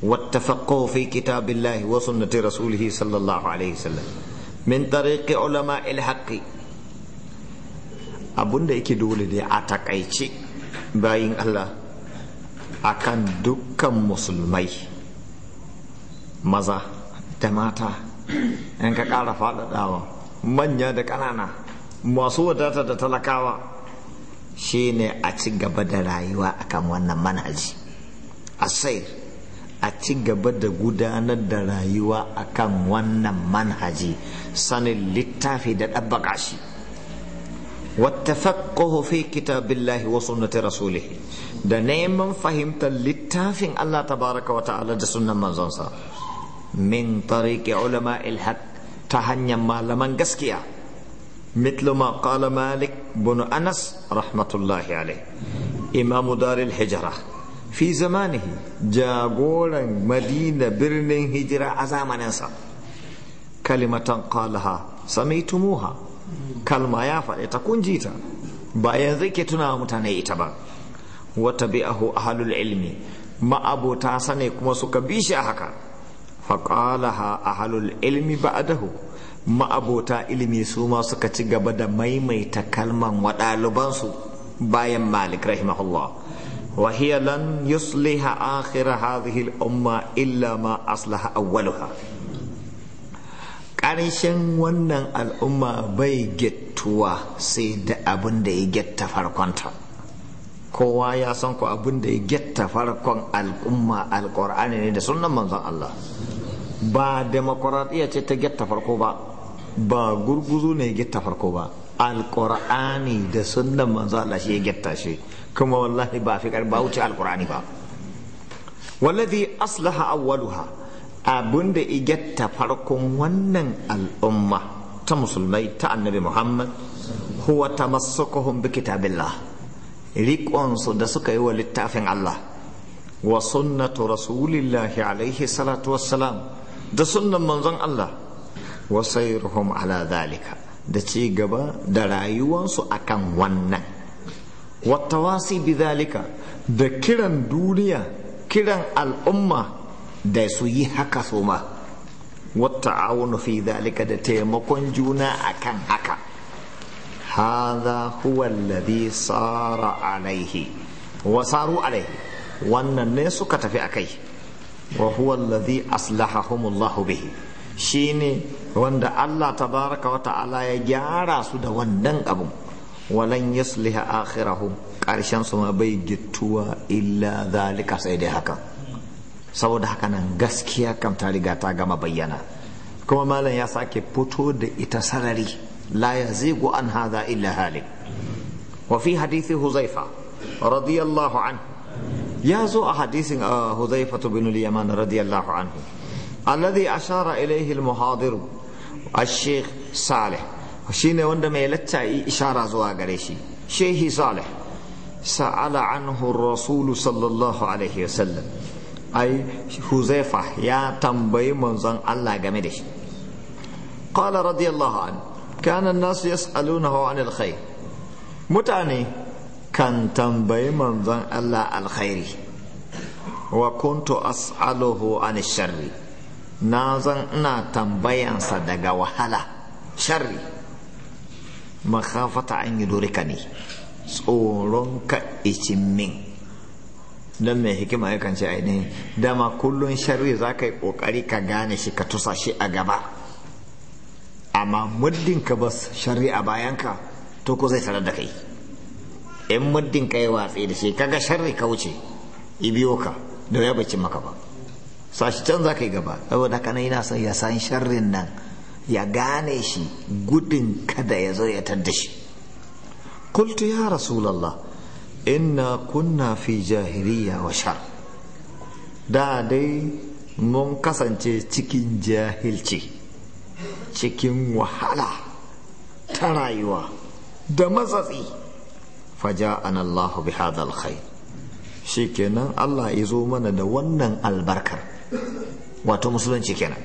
والتفقه في كتاب الله وسنة رسوله صلى الله عليه وسلم من طريق علماء الحق abun da yake dole dai a takaice bayin Allah akan dukkan musulmai maza da mata in ka ƙara faɗaɗawa manya da ƙanana masu wadata da talakawa shi ne a ci gaba da rayuwa akan wannan manhaji A sai a ci gaba da gudanar da rayuwa akan wannan manhaji sanin littafi da ɗabbaka shi wata fi kitabillahi na ta rasulihi da neman fahimtar littafin Allah tabaraka wa ta'ala da sunan manzonsa min tariki ulama ilhaq ta hanyar malaman gaskiya mitlu ma qala malik bin anas rahmatullahi alai imam dar hijra fi zamanihi jagoran madina birnin hijira a zamaninsa kalimatan qalaha samaitumuha kalma ya faɗe ta kunjita ba yanzu ke tuna mutane ita ba wata bi'ahu ahalul ilmi ma'abota sane kuma suka bi shi a haka faƙalaha ahalul ilmi ba'adahu ma'abota ilimi su ma suka ci gaba da maimaita kalman waɗalubansu bayan malik rahimahullah وهي لن يصلح آخر هذه الأمة إلا ما أصلح أولها ƙarshen wannan al'umma bai gettuwa sai da abin da ya getta kowa ya san ku abin da ya getta farkon al'umma al'ƙur'ani ne da sunan manzon Allah ba demokuraɗiyya ce ta getta farko ba ba gurguzu ne getta farko ba al'ƙur'ani da sunan manzon Allah shi ya getta shi kuma wallahi ba fi ba wuce alkur'ani ba wallazi aslaha awwaluha abin da ya getta farkon wannan al'umma ta musulmai ta annabi muhammad huwa tamassukuhum bi kitabillah riƙonsu da suka yi wa littafin Allah wa sunnatu rasulillahi alaihi salatu wassalam da sunnan manzon Allah wa sayruhum ala zalika da ci gaba da rayuwansu akan wannan wa tawasi bi zalika da kiran duniya kiran al'umma da su yi haka su ma wa ta'awunu fi zalika da taimakon juna akan haka hadha huwa alladhi sara alaihi wa saru wannan ne suka tafi akai wa huwa alladhi aslahahumullahu bihi shine wanda Allah ta wa ta'ala ya gyara su da wannan abun walan yasliha akhirahum karshen su ma bai gittuwa illa zalika sai dai haka saboda haka nan gaskiya kam ta riga ta gama bayyana kuma malam ya sake fito da ita sarari لا يزيغ عن هذا إلا هالك وفي حديث هزيفة رضي الله عنه يازو حديث هزيفة بن اليمان رضي الله عنه الذي أشار إليه المحاضر الشيخ صالح shine wanda mai latta ishara zuwa gare shi shehi salih sa'ala anhu rasulu sallallahu alaihi wasallam ai huzaifa ya tambayi manzon Allah game da shi qala radiyallahu anhu kana nasu yas'alunahu anil khair mutane kan tambayi manzon Allah alkhairi wa kuntu as'aluhu an' sharri na zan ina tambayansa daga wahala sharri makhafata an durika ne tsoron ka icin min don mai hikima yakan ce ainihin dama kullum sharri za ka yi ƙoƙari ka gane shi ka tusa shi a gaba amma muddin ka ba shari'a bayanka to ko zai sanar da kai in muddin ka yi watsi da shi kaga sharri ka wuce ibiyo ka da ya bacci maka ba sashi can za ka yi gaba saboda haka nan yana son ya san sharrin nan ya gane shi gudun kada ya zo ya tadda shi kultu ya rasulallah inna kunna fi jahiliya wa shar da dai mun kasance cikin jahilci cikin wahala ta rayuwa da matsatsi faja'an Allah bi hadal khair kenan Allah ya zo mana da wannan albarkar wato musulunci kenan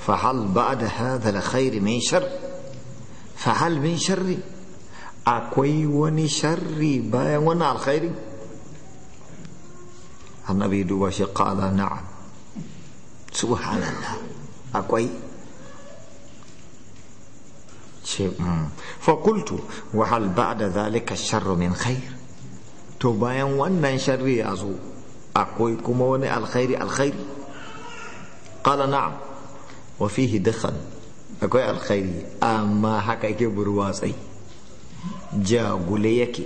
Fahal ba da hadal khair min shar Fahal min sharri akwai wani sharri bayan wani alkhairi annabi duba shi qala na'am subhanallah akwai fakultu wa hal ba'da zalika sharru min khair to bayan wannan sharri ya zo akwai kuma wani alkhairi alkhairi qala na'am wa fihi dakhan akwai alkhairi amma haka yake burwatsai jagule yake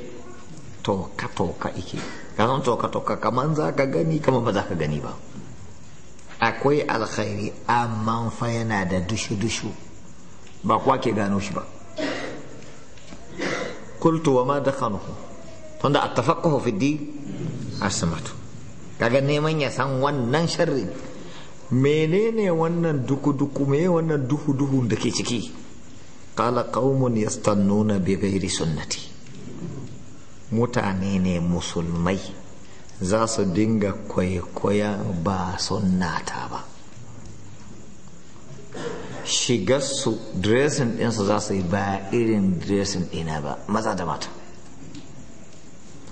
toka toka yake kasan toka toka kaman za ka gani kaman ba za ka gani ba akwai alkhairi amma fa yana da dushu dushu ba kwa ke gano shi ba kultu wa ma dakhanuhu tunda tafa tafaqquhu fiddi a samatu. kaga neman ya san wannan sharri menene wannan duku duku me wannan duhu duhu da ke ciki Kala ya yastannuna nuna bebeiri sunnati mutane ne musulmai za su dinga kwaikwaya ba sunnata ba su dressing ɗinsu za su yi ba irin dressing ɗina ba maza da mata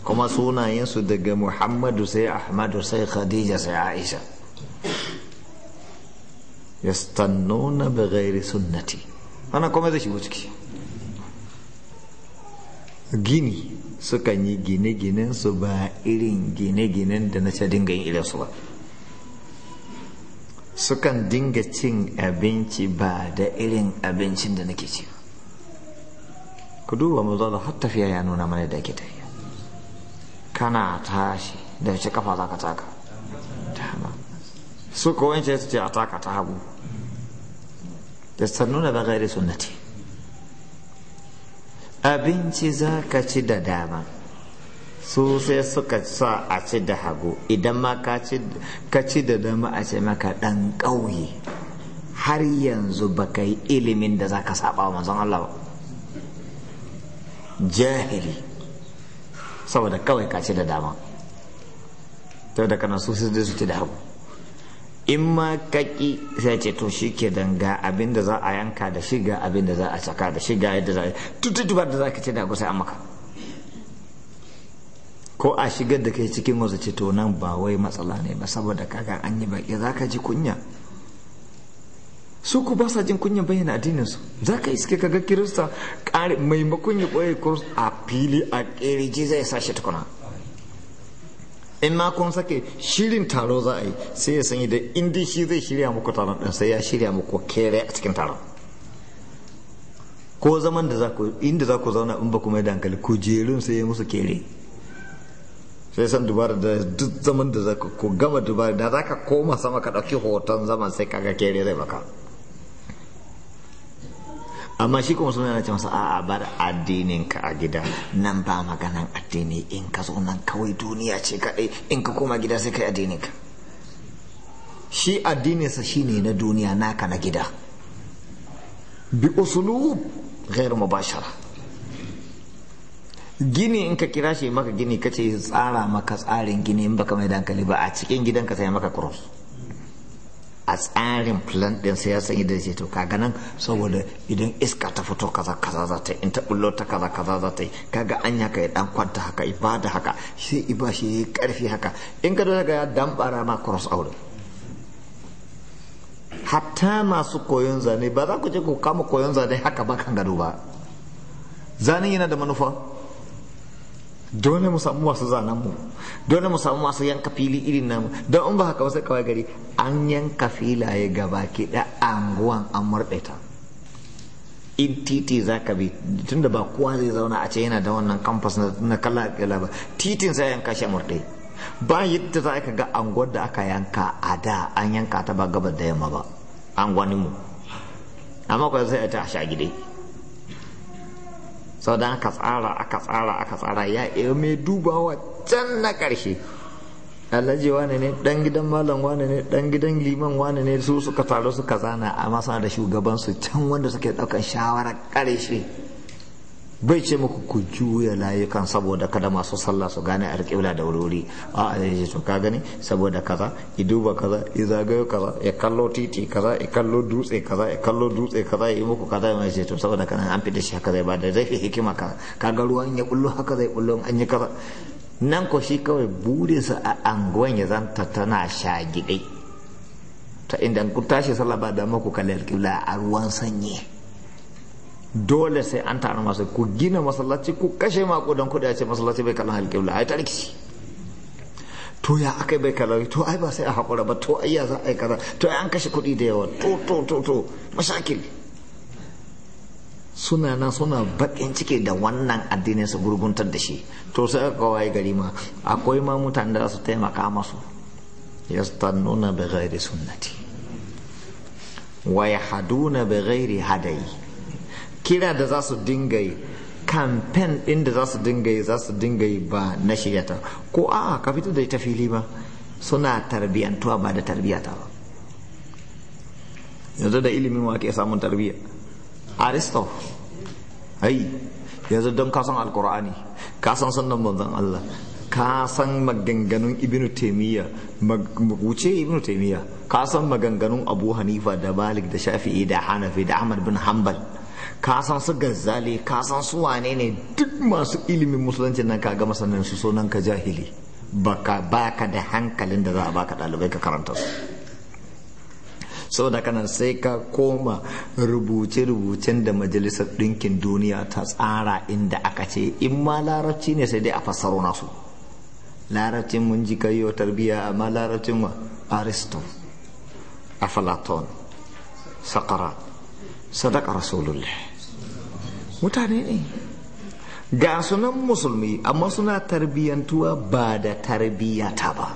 kuma sunayensu daga muhammadu sai ahmadu sai khadija sai aisha yastannuna bi ghairi sunnati ana kuma zai shigo ciki gini sukan yi gine-ginen ba irin gine-ginen da na ce dinga yin irinsu ba sukan dinga cin abinci ba da irin abincin da nake ci ku duba mu zo har tafiya ya nuna mana da ake tafiya kana tashi da wace kafa za ka taka dama su ko wance su ce a taka ta hagu da sannuna ba gairi sunnati abinci za ka ci da dama su sai suka sa a ci da hagu idan ma ka ci da dama a ce maka ɗan ƙauye har yanzu ba ka yi ilimin da za ka saba manzon Allah ba jahili saboda kawai ka ci da dama ta da kana su sai su ci da hagu in ma kaki sai ce to shi ke danga abinda za a yanka da shiga abinda za a saka da shiga yadda za a yi tututubar da za ka ce da hagu sai an maka ko a shigar da kai cikin wasu ceto nan ba wai matsala ne ba saboda kaga an yi baki za ka ji kunya su ku ba sa jin kunya bayyana addininsu za ka iske kaga kirista maimakon ya ɓoye kurs a fili a ƙirji zai sa shi tukuna in ma kun sake shirin taro za a yi sai ya sanyi da indi shi zai shirya muku taron ɗin sai ya shirya muku kere a cikin taron ko zaman da za ku inda za ku zauna in ba kuma yi dankali kujerun sai ya musu kere sai san dubara da duk zaman da za ko gama dubara da za ka koma sama ka ɗauki hoton zaman sai kaga kere zai baka amma shi kuma suna ce masa a bar addinin ka a gida nan ba maganan addini in ka zo nan kawai duniya ce kaɗai in ka koma gida sai kai addinin ka shi addininsa shine na duniya naka na gida bi usulub ghairu mubashara gini in ka kira shi maka gini ka ce tsara maka tsarin gini in baka mai dankali ba a cikin gidan ka sai maka cross a tsarin plan din sai ya san idan ce to kaga nan saboda idan iska ta fito kaza kaza za ta in ta bullo ta kaza kaza za ta yi kaga an ya kai dan kwanta haka ibada haka shi iba shi yayi karfi haka in ka daga ya dambara ma cross aure hatta masu koyon zane ba za ku je ku kama koyon zane haka ba kan gado ba zanen yana da manufa dole mu samu masu zanen mu dole mu samu masu yanka fili irin namu don in ba haka wasu kawai gari an yanka filaye gaba ke da anguwan an murɗe in titi za ka bi tunda ba kowa zai zauna a ce yana da wannan kamfas na kala kala ba titin sai yanka shi murɗe ba yadda za ka ga anguwar da aka yanka a da an yanka ta ba gabar da yamma ba mu amma kwa sai a ta a sha gidai sau da aka tsara aka tsara aka tsara ya iya mai dubawa can na ƙarshe alhaji wane ne dan gidan malam wane ne dan gidan liman wane ne su suka taru suka zana a masa da shugabansu can wanda suke ɗaukar shawarar ƙarshe bai ce muku ku juya layukan saboda kada masu sallah su gane riƙe da wuri a yi to ka gani saboda kaza i duba kaza i zagayo kaza ya kallo titi kaza ya kallo dutse kaza ya kallo dutse kaza ya yi muku kaza ya mace to saboda kana an fita shi haka zai ba da zai hikima ka kaga ruwan ya kullu haka zai kullu an yi kaza nan ko shi kawai burinsa a anguwan ya zanta tana shagidai ta inda ku tashi sallah ba da muku kallar kibla a ruwan sanyi dole sai an tara masu ku gina masallaci ku kashe makudan kuɗi a ce masallaci bai kallon alƙibla ai tarki to ya aka bai kallon to ai ba sai a haƙura ba to ai ya za a yi kaza to an kashe kuɗi da yawa to to to to mashakil suna nan suna baƙin ciki da wannan addinin su gurguntar da shi to sai aka waye gari ma akwai ma mutane da su taimaka masu yastannuna bi ghairi sunnati wa yahduna bi ghairi hadayi kira da za su dinga kamfen ɗin da za su dinga yi za su dinga ba na shiryata ko a ka fito da ita fili ba suna tarbiyantuwa ba da tarbiyata ba yanzu da ilimin wa ke samun tarbiyya aristo ai yanzu don kasan alkur'ani kasan sannan manzon allah ka san maganganun ibnu taimiyya wuce ibnu taimiyya kasan maganganun abu hanifa da malik da shafi'i da hanafi da ahmad bin hanbal ka san su gazzali ka san su wane ne duk masu ilimin musulunci nan ka ga masanin su sunan ka jahili baka baka da hankalin da za a baka dalibai ka karanta su da kana sai ka koma rubuce-rubucen da majalisar ɗinkin duniya ta tsara inda aka ce in ma larabci ne sai dai a fassaro nasu larabcin mun ji kayo tarbiyya amma larabcin wa aristo a falaton sakara sadaka rasulullah mutane ne ga sunan musulmi amma suna tarbiyyantuwa ba da tarbiyyata ba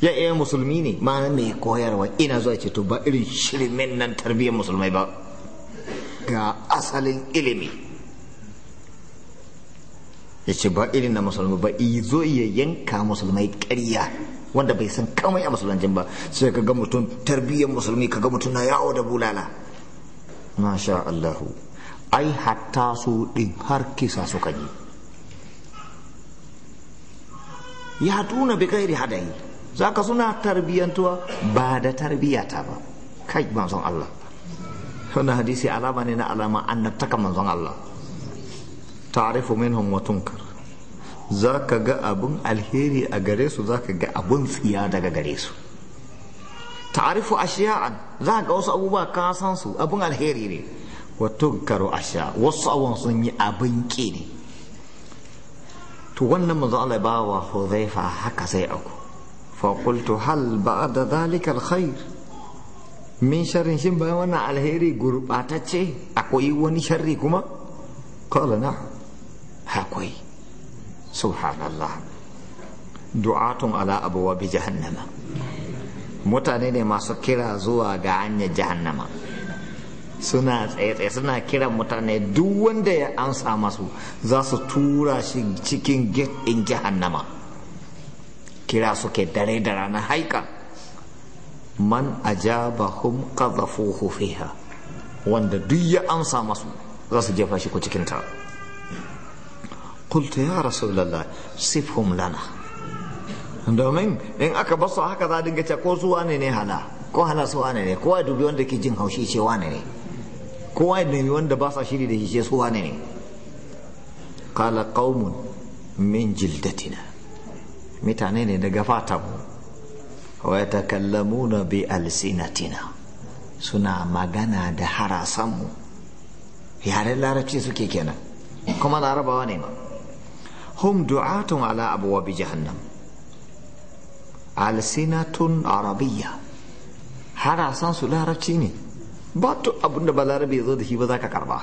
ya iya eh, musulmi ne ma mai koyarwa ina zuwa ce to ba irin shirmin nan tarbiyyar musulmai ba ga asalin ilimi ya ce ba irin na musulmi ba zo ya yanka musulmai karya wanda bai san kamar ya musulancin ba sai ka ga mutum tarbiyyar musulmi ka ga mutum na yawo da bulala masha Allahu ai hatta su ɗin har kisa suka yi ya tuna bi kairi hadayi zaka suna tarbiyantuwa ba da tarbiyyata ba kai manzon Allah wannan hadisi alama ne na alama taka manzon Allah ta'rifu minhum wa tunkar zaka ga abun alheri a gare su zaka ga abun tsiya daga gare su ta'rifu ashiya'an za ka wasu abubuwa ka san su abun alheri ne wa tunkaru ashiya wasu abun sun yi abin ki ne to wannan manzo Allah ba Hudhaifa haka sai aku fa qultu hal ba'da dhalika alkhair min sharrin shin bayan wannan alheri gurbatacce akwai wani sharri kuma qala na akwai subhanallah du'atun ala abwabi jahannama mutane ne masu kira zuwa ga hanyar jahannama suna tsaye-tsaye suna kira mutane duk wanda ya amsa masu za su tura shi cikin in jahannama kira suke dare da rana haika man ajabahum qadhafuhu fiha wanda duk ya amsa masu za su jefa shi ko cikin ta Kulta ya rasulullah sifhum lana domin in aka basu haka za a dinga ce ko su wane ne hala ko hala su wane ne kowa dubi wanda ke jin haushi ce wane ne kowa ya nemi wanda ba sa shiri da shi ce su wane ne kala qaumun min jildatina mutane ne daga fata mu wa yatakallamuna bi alsinatina suna magana da harasan mu yaren larabci suke kenan kuma larabawa ne ma hum du'atun ala bi jahannam alsinatun arabiya harasan su larabci ne ba to abinda ba ya zo da shi ba za ka karba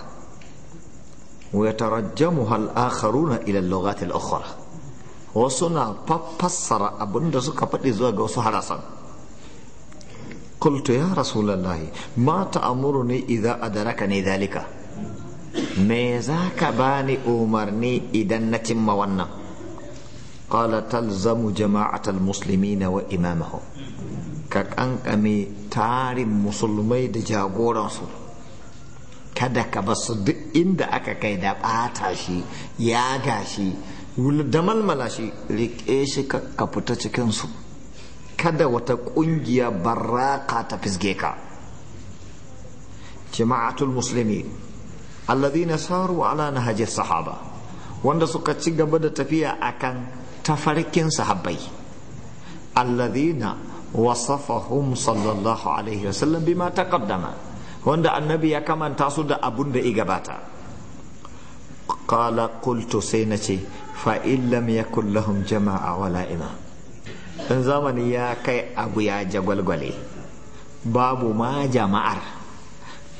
wa yatarajjamuha al-akharuna ila al al-ukhra wasu na fassara da suka faɗi zuwa ga wasu harasan قلت Mata رسول الله ما تأمرني إذا ne dalika. me za ka bani umarni idan na cimma wannan قال تلزم جماعة المسلمين ƙanƙame tarin musulmai da jagoransu, kada ka basu duk inda aka kai da ɓata shi ya gashi da malmala shi riƙe shi ka fita cikinsu kada wata ƙungiyar baraka ta fisge ka jama'atul musulmi alladhina saru ala nahaji sahaba wanda suka ci gaba da tafiya akan tafarkin sahabbai alladhina wasafahum sallallahu alaihi wasallam bima taqaddama wanda annabi ya kamanta su da abun da ya gabata qala qultu sai nace fa in lam yakul lahum jama'a wala ima dan zamani ya kai abu ya jagwalgwale babu ma jama'ar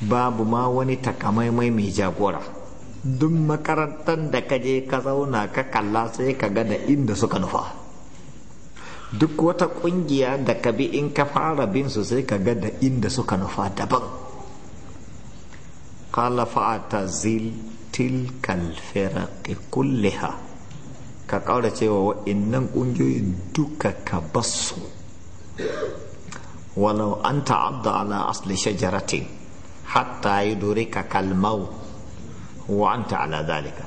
babu ma wani takamaimai mai jagora duk makarantar da ka je ka zauna ka kalla sai ka ga da inda suka nufa duk wata kungiya da ka bi in ka fara bin su sai ka ga da inda suka nufa daban kala fa'ata zil tilkal firaqi kulliha ka kaura cewa wa'annan kungiyoyin duka ka basu walau an ta'adda ala asli shajaratin hatta yi duri ka kalmau wa anta ala zalika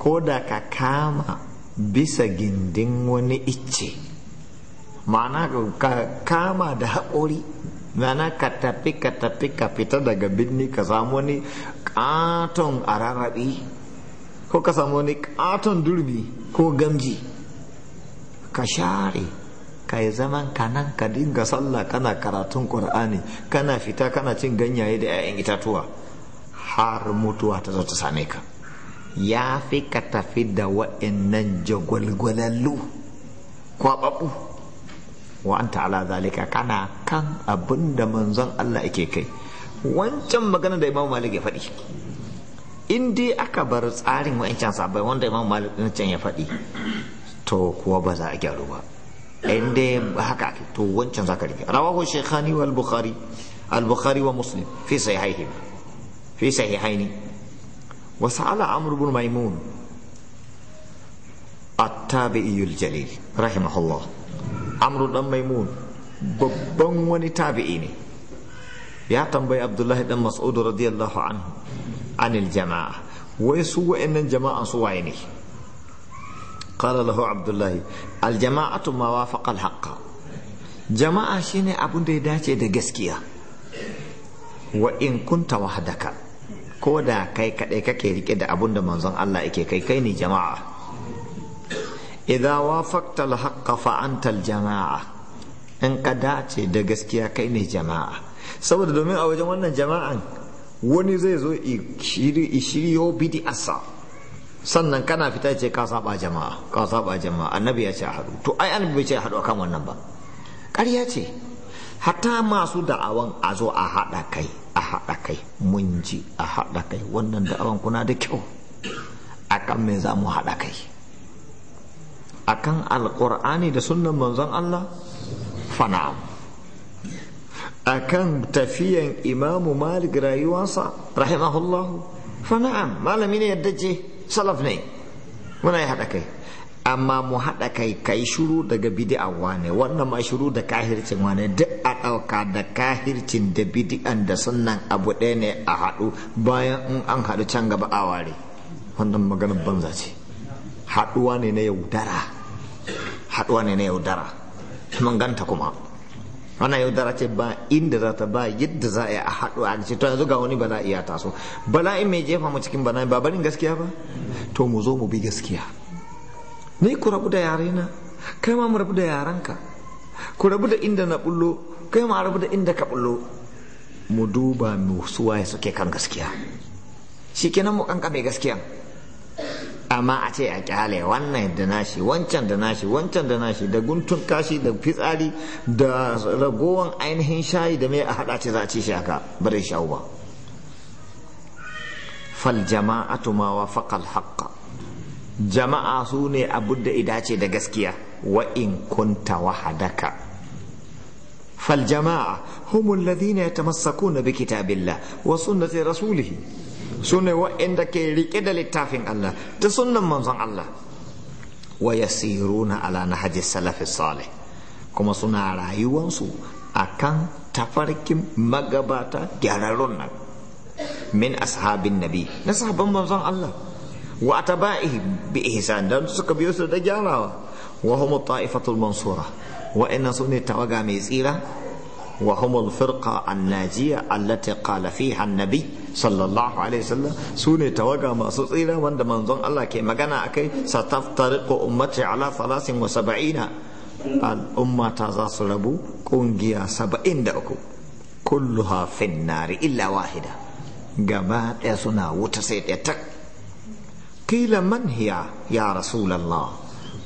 ko da ka kama bisa gindin wani icce ma'ana ka kama da haƙori ma'ana ka tafi ka tafi ka fita daga birni ka samu wani ƙaton ararabi ko ka samu wani ƙaton durbi ko gamji ka share ka yi zaman ka nan ka dinga sallah kana karatun ƙur'ani kana fita kana cin ganyaye da 'ya'yan itatuwa har mutuwa ta zo ta same ka ya fi ka tafi da wa'annan jagwalgwalallu kwaɓaɓu wa an ta'ala zalika kana kan abin da manzon Allah ake kai wancan magana da imam malik ya faɗi in dai aka bar tsarin wa'ancan sabai wanda imam malik can ya faɗi to kuwa ba za a gyaru ba in dai haka to wancan za ka rike rawahu shaykhani wal bukhari al bukhari wa muslim fi sahihihima في صحيحين وسأل عمرو بن ميمون التابعي الجليل رحمه الله عمرو بن ميمون babban wani tabi'i ne ya tambayi abdullahi dan mas'ud radiyallahu anhu anil jama'a wai su wa'annan jama'an su waye ne qala lahu abdullahi al jama'atu ma wafaqa al jama'a shine abun da ya dace da gaskiya wa in wahdaka ko da kai kaɗai kake rike da abun da manzon Allah yake kai kai ne jama'a idza wafaqta al-haqqa fa anta al-jama'a in ka dace da gaskiya kai ne jama'a saboda domin a wajen wannan jama'an wani zai zo shiryo bid'arsa sannan kana fita ce ka saba jama'a ka saba jama'a annabi ya ce hadu to ai annabi bai ce hadu akan wannan ba ƙarya ce hatta masu da'awan a zo a haɗa kai a haɗa kai mun ji a haɗa kai wannan da'awan kuna da kyau akan me za mu haɗa kai akan alƙur'ani da sunan manzon Allah a akan tafiyan imamu malik rayuwarsa rahimahullahu fana'am malami ne yadda ce salaf ne muna yi haɗa kai amma mu haɗa kai kai shuru daga bidi'a wane wannan ma shuru da kahircin wane duk a ɗauka da kahircin da bidi'an da sunan abu ɗaya ne a haɗu bayan in an haɗu can gaba a ware wannan maganar banza ce haɗuwa ne na yaudara haɗuwa ne na yaudara mun ganta kuma wannan yaudara ce ba inda za ta ba yadda za a yi a haɗu a ce to yanzu ga wani bala'i ya taso bala'in mai jefa mu cikin bala'i ba barin gaskiya ba to mu zo mu bi gaskiya ni ku rabu da yarena kai ma mu rabu da yaranka ku rabu da inda na bullo kai ma rabu da inda ka bullo mu duba mu suwaye suke kan gaskiya shikenan mu mai gaskiya amma a ce a kyale wannan da nashi wancan da nashi wancan da nashi da guntun kashi da fitsari da ragowan ainihin shayi da mai a hada ce za a ci shi aka bare shawo ba fal jama'atu ma faqal al jama'a su ne abin da idace da gaskiya wa in kunta wahadaka fal jama'a humul ladina yatamassakuna bi kitabillah wa sunnati rasulih sune wa'inda ke rike da littafin Allah da sunnan manzon Allah wa yasiruna ala nahji salafi salih kuma suna rayuwansu akan tafarkin magabata gyararrun nan min ashabin nabi na sahabban manzon Allah wa ataba'ihi bi ihsan dan suka biyo su da gyarawa wa hum ta'ifatul mansura wa inna sunni tawaga mai tsira wa hum al firqa an najiya allati qala fiha an nabi sallallahu alaihi wasallam sunni tawaga masu tsira wanda manzon Allah ke magana akai sataftariqu ummati ala 73 al Al'ummata za su rabu kungiya uku. kulluha fin nari illa wahida gaba ɗaya suna wuta sai ɗaya tak Kila man hiya ya Rasulallah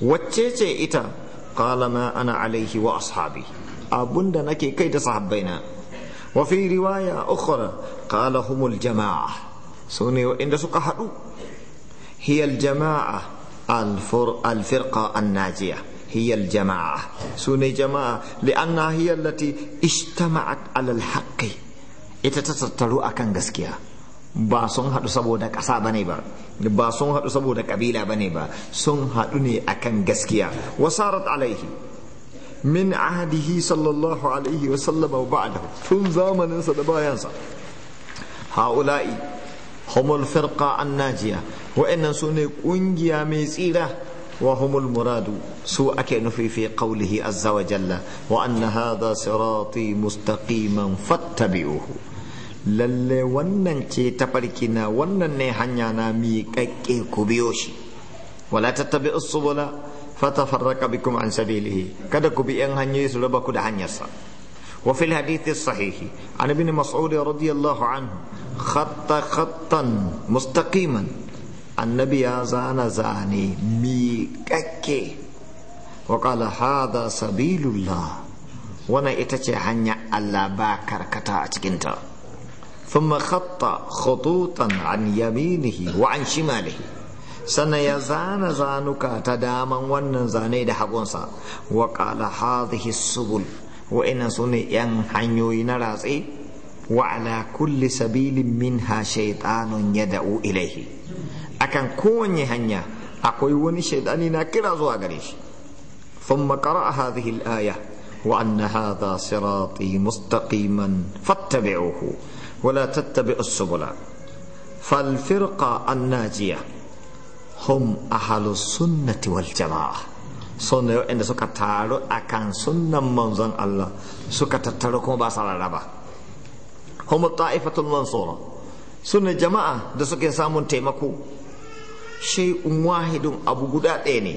wacce ce ita ƙalama ana alaihi wa ashabi abun da nake kai da sahabbai na wa riwaya ukhra qala humul jamaa su ne inda suka haɗu hiya jamaa al fur al firqa jamaa su jamaa li anna lati allati ijtama'at ala al haqqi ita ta tattaru akan gaskiya ba sun haɗu saboda kasa bane ba ne ba ba sun haɗu saboda ƙabila ba ne ba sun haɗu ne akan gaskiya wasarat alaihi min ahadihi sallallahu alaihi wa sallama wa ba'da tun zamaninsa da bayansa haula'i humul firqa annajiya wa'annan su ne ƙungiya mai tsira wa humul muradu su ake nufi fi qawlihi azza wa jalla wa anna hadha sirati mustaqiman fattabi'uhu lalle wannan ce tafarkina wannan ne hanya na miƙaƙƙe ku biyo shi wala tattabi usubula fatafarraqa bikum an sabilihi kada ku bi yan hanyoyi su raba ku da hanyarsa wa fil hadithi sahihi an ibn mas'ud radiyallahu anhu khatta khattan mustaqiman annabi ya zana zane miƙaƙƙe wa qala hadha sabilullah wannan ita ce hanya Allah ba karkata a cikinta ta ثم خط خطوطا عن يمينه وعن شماله sannan ya zana zanuka ta daman wannan zane da hagunsa wa ƙala hadhihi subul wa'annan su ne yan hanyoyi na ratse wa ala kulli sabilin minha shaytanun yad'u ilaihi akan kowanne hanya akwai wani shaytani na kira zuwa gare shi thumma qara'a hadhihi al-aya wa anna hadha sirati mustaqiman fattabi'uhu ولا تتبع السبل فالفرقة الناجية هم أهل السنة والجماعة sunna waɗanda suka taru akan kan sunnan manzon Allah suka tattara kuma ba sa rarraba hum ta'ifatul mansura sunna jama'a da suke samun taimako shay'un wahidun abu guda ɗaya ne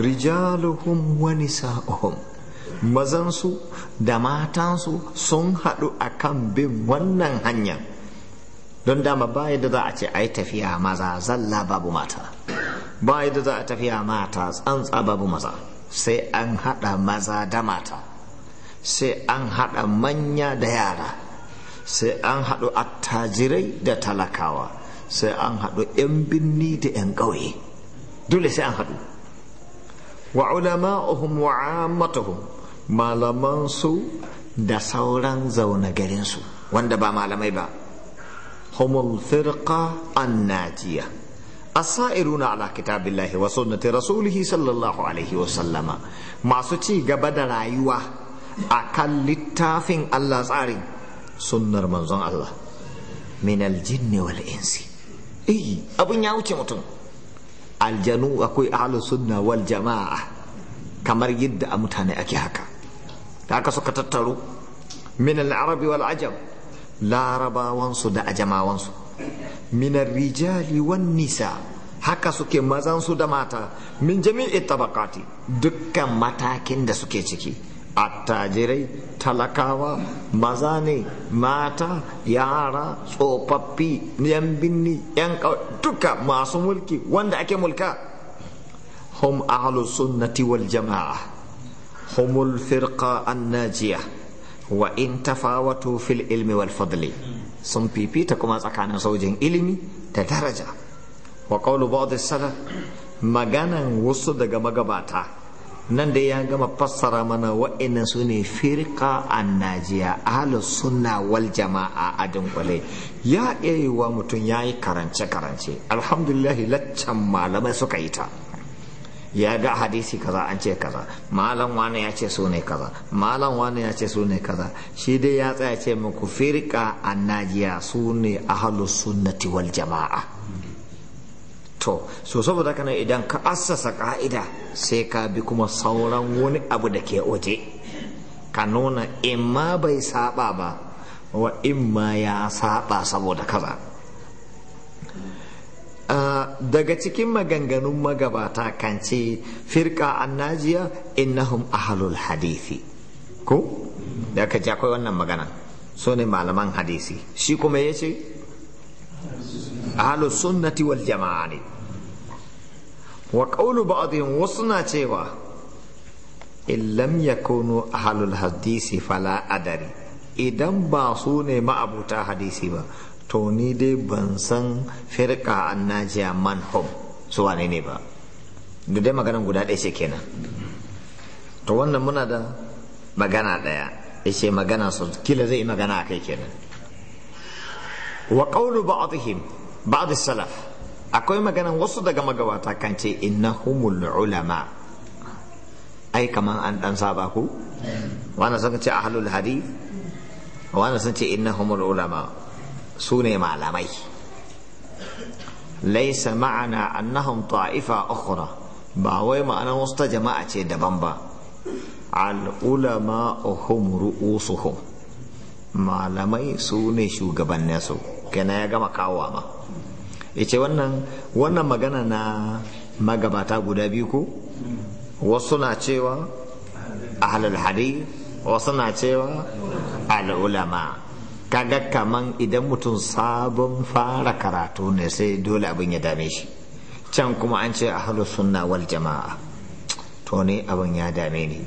rijaluhum wa nisa'uhum mazansu da matansu sun haɗu a kan bin wannan hanya don dama ba yadda za a ce a yi tafiya maza zalla babu mata ba yadda za a tafiya mata tsantsa babu maza sai an haɗa maza da mata sai an haɗa manya da yara sai an haɗu attajirai da talakawa sai an haɗu 'yan binni da 'yan ƙauye dole sai an haɗu wa ulama'uhum wa ammatuhum malamansu da sauran zaune garinsu wanda ba malamai ba humul firqa annajiya as-sa'iruna ala kitabillahi wa sunnati rasulihi sallallahu alaihi wa sallama masu ci gaba da rayuwa a kan littafin Allah tsarin sunnar manzon Allah min al wal insi eh abun ya wuce mutum aljanu akwai ahlus sunna wal jama'a kamar yadda a mutane ake haka haka suka tattaru min arabi wal ajam larabawansu da ajamawansu min rijali wan nisa haka suke mazansu da mata min jami'i tabaqati dukkan matakin da suke ciki attajirai talakawa maza ne mata yara tsofaffi yan binni yan duka masu mulki wanda ake mulka hum ahlus sunnati wal jama'a هم الفرقة الناجية وإن تفاوتوا في العلم والفضل sun fifita kuma tsakanin sojin ilimi da daraja wa qawlu ba'd salaf maganan wasu daga magabata nan da ya gama fassara mana wa'annan su ne firqa annajiya ahlus sunna wal a dunkule ya iya wa mutum yayi karance karance alhamdulillah laccan malamai suka yi ta ya ga hadisi kaza an ce kaza malam wani ya ce su ne kaza malam wani ya ce su ne kaza shi dai ya tsaya ce muku firka annajiya su ne ahalus sunnati wal jama'a to so saboda kana idan ka assasa ka'ida sai ka bi kuma sauran wani abu da ke waje ka nuna in ma bai saba ba wa in ma ya saba saboda kaza daga cikin maganganun magabata kan ce firka annajiya innahum ahalul hadithi ko da ka ji akwai wannan magana so ne malaman hadisi shi kuma ya ce ahalus sunnati wal jama'a ne wa qawlu ba'dihim wasu na cewa in lam yakunu ahalul hadisi fala adari idan ba su ne ma'abuta hadisi ba to ni dai ban san firka annajiya manhum su wane ne ba da dai maganan guda ɗaya ce kenan to wannan muna da magana ɗaya ya ce magana su kila zai yi magana a kai kenan wa ƙaunu ba'dihim ba'd salaf akwai maganan wasu daga magabata kan ce innahumul ulama ai kaman an dan saba ku wannan sun ce ahlul hadith wannan sun ce innahumul ulama su ne malamai laisa ma'ana annahum ta'ifa ukhra ba wai ma'ana wasu ta jama'a ce daban ba al'ulama uhum ru'usuhum malamai su ne shugabannin su kenan ya gama kawowa ma yace wannan wannan magana na magabata guda biyu ko wasu na cewa ahlul hadith wasu na cewa al'ulama kaga kaman idan mutum sabon fara karatu ne sai dole abin ya dame shi can kuma an ce ahlus sunna wal jama'a to ne abin ya dame ni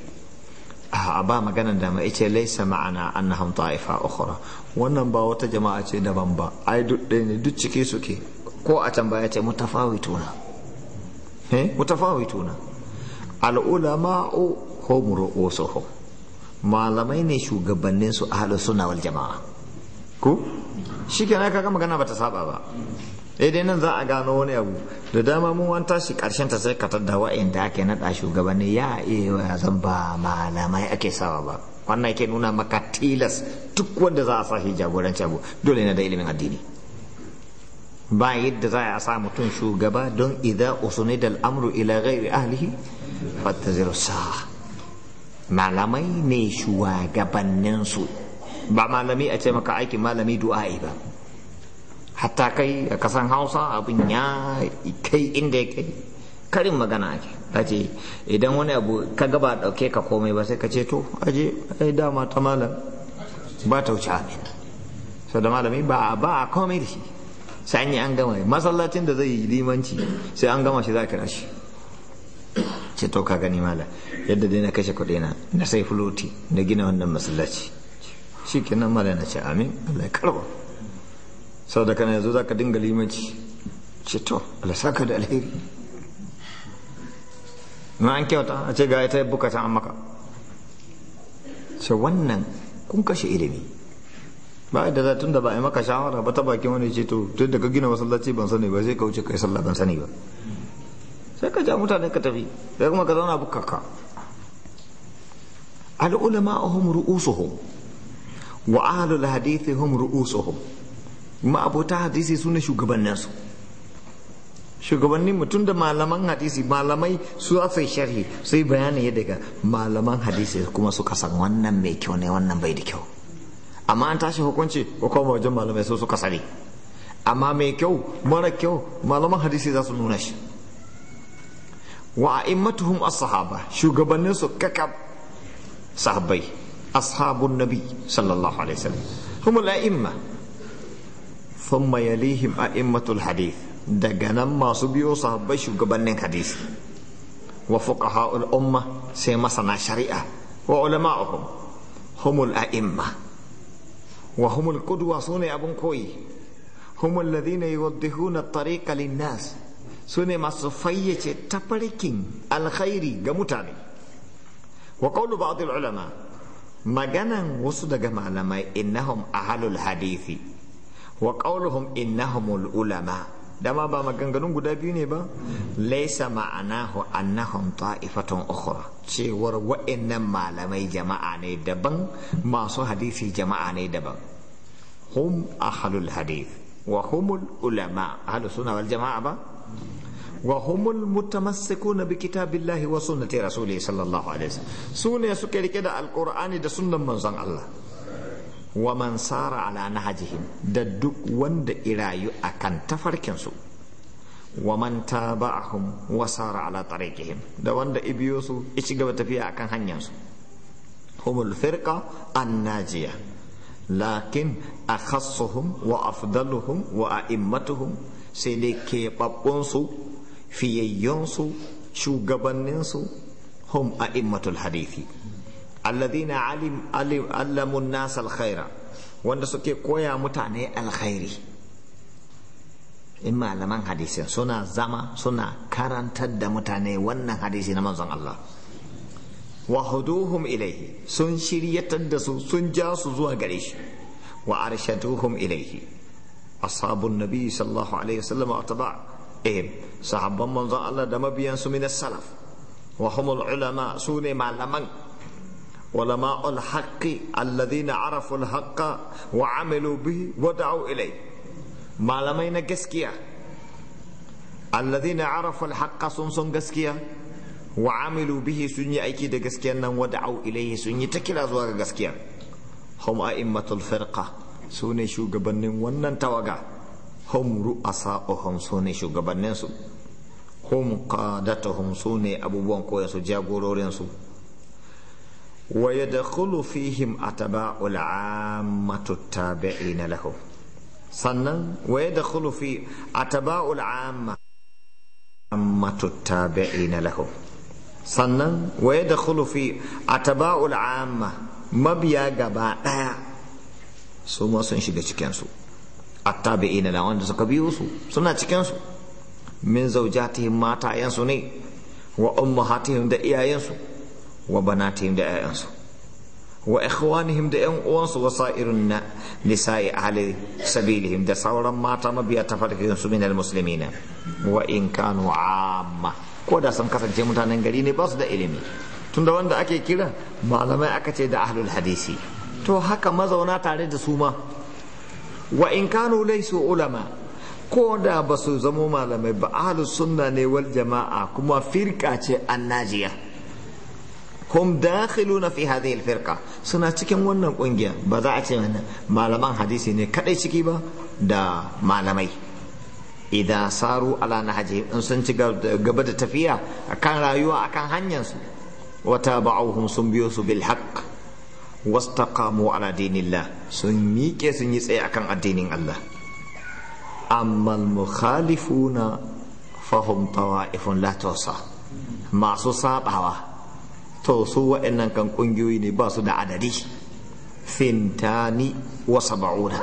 a ba da dama ce laisa ma'ana annahum ta'ifa ukhra wannan ba wata jama'a ce daban ba ai duk ɗaya ne duk cike suke ko a can ya ce mutafawituna eh mutafawituna al ulama'u hum ru'usuhum malamai ne shugabannin su ahlus sunna wal jama'a ko shi kenan kaga magana bata saba ba eh, dai nan za a gano wani abu da dama mun wanta shi karshen ta sai ka tadda da ake naɗa shugabanni ya ya eh, zan ba malamai ake sawa ba wannan yake nuna maka tilas duk wanda za a sa shi jagoranci abu dole ne da ilimin addini ba yadda za a sa mutum shugaba don idan usuni da amru ila ghairi ahlihi fattaziru sa malamai ne su ba malami a ce maka aikin malami du'a'i ba hatta kai a kasan hausa abin ya kai inda ya kai karin magana ake ce idan wani abu ka gaba dauke ka komai ba sai ka ce to aje ai dama ta malam ba ta wuce amin sau da malami ba a komai da shi sai an yi an gama masallacin da zai yi limanci sai an gama shi za a kira shi ce to ka gani malam. yadda dai na kashe kuɗi na na sai fuloti na gina wannan masallaci shi kenan mala na ce amin allai karba sau da kana yanzu za ka dinga limanci ce to alasaka da alheri Na an kyauta a ce ga ita bukata an maka ce wannan kun kashe ilimi ba da za tun da ba a yi maka shawara ba ta bakin wani ce to tun da ka gina masallaci ban sani ba zai ka wuce kai sallah ban sani ba sai ka ja mutane ka tafi sai kuma ka zauna bukaka al ulama ru'usuhum wa ahlul hadithi hum ru'usuhum ma abota hadisi suna shugabannin su. shugabannin mutum da malaman hadisi malamai su sai sharhi sai bayani ya daga malaman hadisi kuma suka san wannan mai kyau ne wannan bai da kyau amma an tashi hukunci ko kuma wajen malamai su suka sani amma mai kyau mara kyau malaman hadisi za su nuna shi wa a'immatuhum as-sahaba Shugabannin su kakab sahabbai أصحاب النبي صلى الله عليه وسلم هم الأئمة ثم يليهم أئمة الحديث دقنا ما سبيو صحابي شقبنين حديث وفقهاء الأمة سيمسنا شريعة وعلماؤهم هم الأئمة وهم القدوة سنة أبن كوي هم الذين يوضحون الطريق للناس سنة ما سفية تبركين الخير جمتاني وقول بعض العلماء maganan wasu daga malamai innahum ahalul hadithi wa qauluhum innahumul ulama dama ba maganganun guda biyu ne ba laisa ma'anahu annahum ta'ifatun ukhra cewar wa'annan malamai jama'a ne daban masu hadisi jama'a ne daban hum ahlul hadith wa humul ulama ahlus sunna wal jama'a ba wa humul na bi billahi wa sunnati rasulih sallallahu alaihi wasallam sune suke rike da alkur'ani da sunnan manzon Allah wa man sara ala hajji da duk wanda irayu akan tafarkinsu. su wa man taba'ahum wa sara ala tariqihim da wanda ibiyo su ci gaba tafiya akan hanyar su humul firqa annajiya lakin akhassuhum wa afdaluhum wa a'immatuhum sai dai keɓaɓɓunsu fiyayyansu shugabanninsu hum a'immatul hadithi alladhina alim alim allamu nas alkhaira wanda suke koya mutane alkhairi in malaman hadisin suna zama suna karantar da mutane wannan hadisi na manzon Allah wa huduhum ilaihi sun shiryatar da su sun ja su zuwa gare shi wa arshaduhum ilaihi ashabun nabi sallallahu alaihi wasallam wa taba sahabban manzon Allah da mabiyansu min salaf wa humul ulama sune malaman ulama ul haqqi alladhina arafu al haqqa wa amilu bihi wa da'u ilay malamai na gaskiya alladhina arafu al haqqa sun sun gaskiya wa amilu bihi sun yi aiki da gaskiyar nan wa da'u ilayhi sun yi ta kira zuwa ga gaskiya hum a'immatul firqa sune shugabannin wannan tawaga hum ru'asa'uhum su ne shugabanninsu hum qadatahum su ne abubuwan koyansu jagororinsu wa yadkhulu fihim atba'ul 'ammatu tabi'ina lahum sannan wa yadkhulu fi atba'ul 'amma ammatu tabi'ina lahum sannan wa yadkhulu fi atba'ul 'amma mabiya gaba daya su ma sun shiga cikin su attabi'ina na wanda suka biyo su suna cikin su min zawjatihim matayen su ne wa ummahatihim da iyayen su wa banatihim da iyayen su wa ikhwanihim da yan uwansu wa sa'irun na nisa'i ahli sabilihim da sauran mata mabiya farkin su min almuslimin wa in kanu amma ko da sun kasance mutanen gari ne ba su da ilimi tunda wanda ake kira malamai aka ce da ahlul hadisi to haka mazauna tare da su ma wa in kanu laysu ulama ko da ba su zamo malamai ba ahlus sunna ne wal jama'a kuma firka ce annajiya hum dakhiluna fi hadhihi al firqa suna cikin wannan kungiya ba za a ce malaman hadisi ne kadai ciki ba da malamai idan saru ala nahaji in sun ci gaba da tafiya akan rayuwa akan hanyar su wata ba'uhum sun biyo su bil wastaqamu ala dinillah sun miƙe sun yi tsaye akan addinin Allah amma mukhalifuna fahum tawa'ifun la tawsa masu sabawa to su wa'annan kan ƙungiyoyi ne ba su da adadi fintani wa saba'una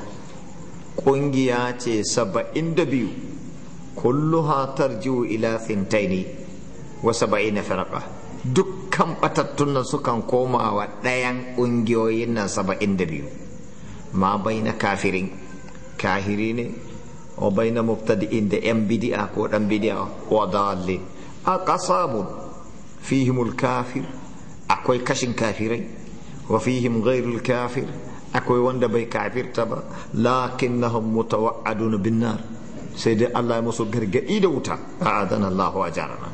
Ƙungiya ce saba'in da biyu kulluha tarjiu ila fintani wa saba'ina farqa duk kan batattun nan sukan koma wa ɗayan ƙungiyoyin nan saba'in da biyu ma bai na kafirin kahiri ne o bai na muftadi'in da yan bidi'a ko ɗan bidi'a wa dalil a ƙasamun fihimul kafir akwai kashin kafirai wa fihim ghairul kafir akwai wanda bai kafirta ba lakin lakinnahum mutawa'adun bin binna sai dai Allah ya musu gargaɗi da wuta a adana Allahu jarana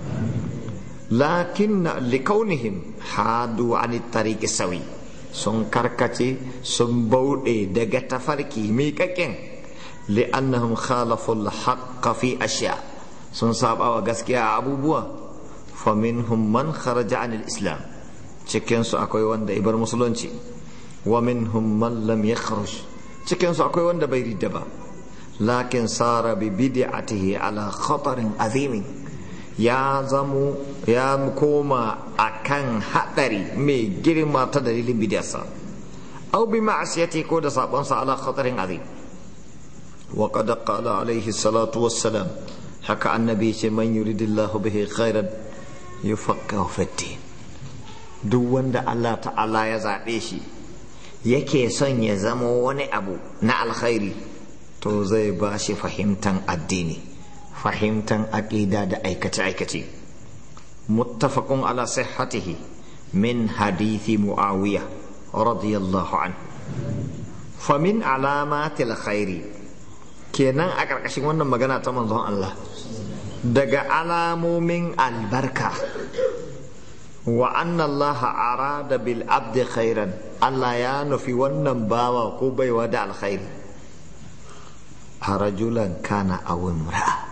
lakin likaunihim hadu an tariki sawi sun karkace sun bauɗe daga tafarki miƙaƙen li'annahum khalaful haqqa fi ashiya sun saba wa gaskiya a abubuwa faminhum man kharaja an islam cikinsu akwai wanda ibar musulunci wa minhum man lam yakhruj cikinsu akwai wanda bai ridda ba lakin sara bi bid'atihi ala khatarin azimin ya zamo ya koma a kan haɗari mai girma ta dalilin bidiyarsa au bi ma'asiyati ko da sabonsa ala khatarin azim wa qad qala alaihi salatu wassalam haka annabi ce man yuridillahu bihi khairan yufaqahu fid duk wanda Allah ta'ala ya zaɓe shi yake son ya zamo wani abu na alkhairi to zai ba shi fahimtan addini fahimtan aƙida da aikace-aikace muttafaqun ala sihhatihi min hadithi muawiya radiyallahu anhu famin alamatil khairi kenan a ƙarƙashin wannan magana ta manzon Allah daga alamomin albarka wa annallaha arada bil abdi khairan Allah ya nufi wannan bawa ko baiwa da alkhairi a rajulan kana awin ra'a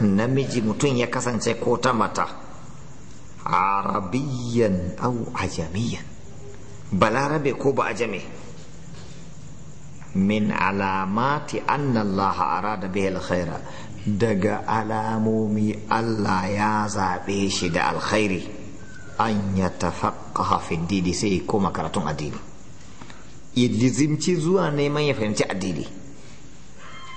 namiji mutum ya kasance ko ta mata arabiyan au ajamiyan balarabe ko ba ajame min alamati annallaha da bihi alkhaira daga alamomi Allah ya zaɓe shi da alkhairi an ya tafaƙa didi sai koma karatun addini ya zuwa neman ya fahimci addini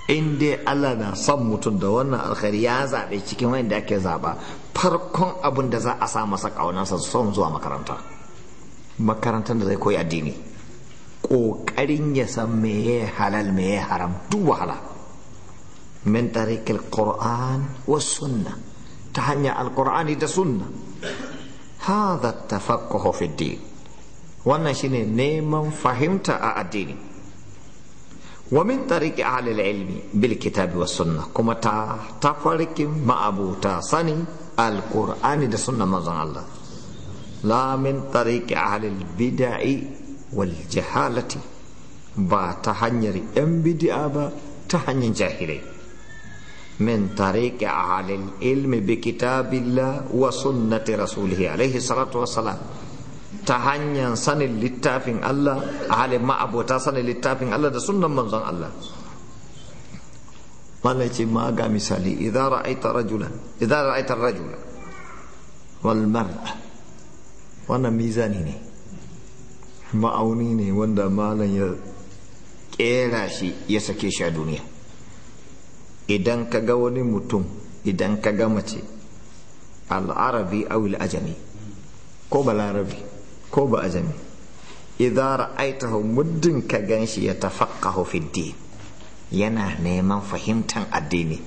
in dai Allah na son mutum da wannan alkhairi ya zaɓe cikin wanda ake zaɓa farkon abin da za a sa masa ƙaunansa son zuwa makaranta makarantar da zai koyi addini ƙoƙarin ya san meye halal meye haram duk wahala min tariqil qur'an wa sunna ta hanyar alqur'ani da sunna hada tafaqquhu fi wannan shine neman fahimta a addini ومن طريق أهل العلم بالكتاب والسنة كما تفرق ما أبو تاسني القرآن دا سنة مزان الله لا من طريق أهل البدع والجهالة با تحنير أم بدعا با تحنير جاهلين من طريق أهل العلم بكتاب الله وسنة رسوله عليه الصلاة والسلام ta hanyar sanin littafin Allah a halin ma'abota sanin littafin Allah da sunan manzon Allah Allah ma ga misali idan rajula wal mar'a wannan mizani ne ma'auni ne wanda malam ya kera shi ya sake shi a duniya idan ka ga wani mutum idan ka ga mace al'arabi awil ajami ko balarabi ko ba ajami idza ra'aitahu muddin ka ganshi ya tafaqqahu fi din yana neman fahimtan addini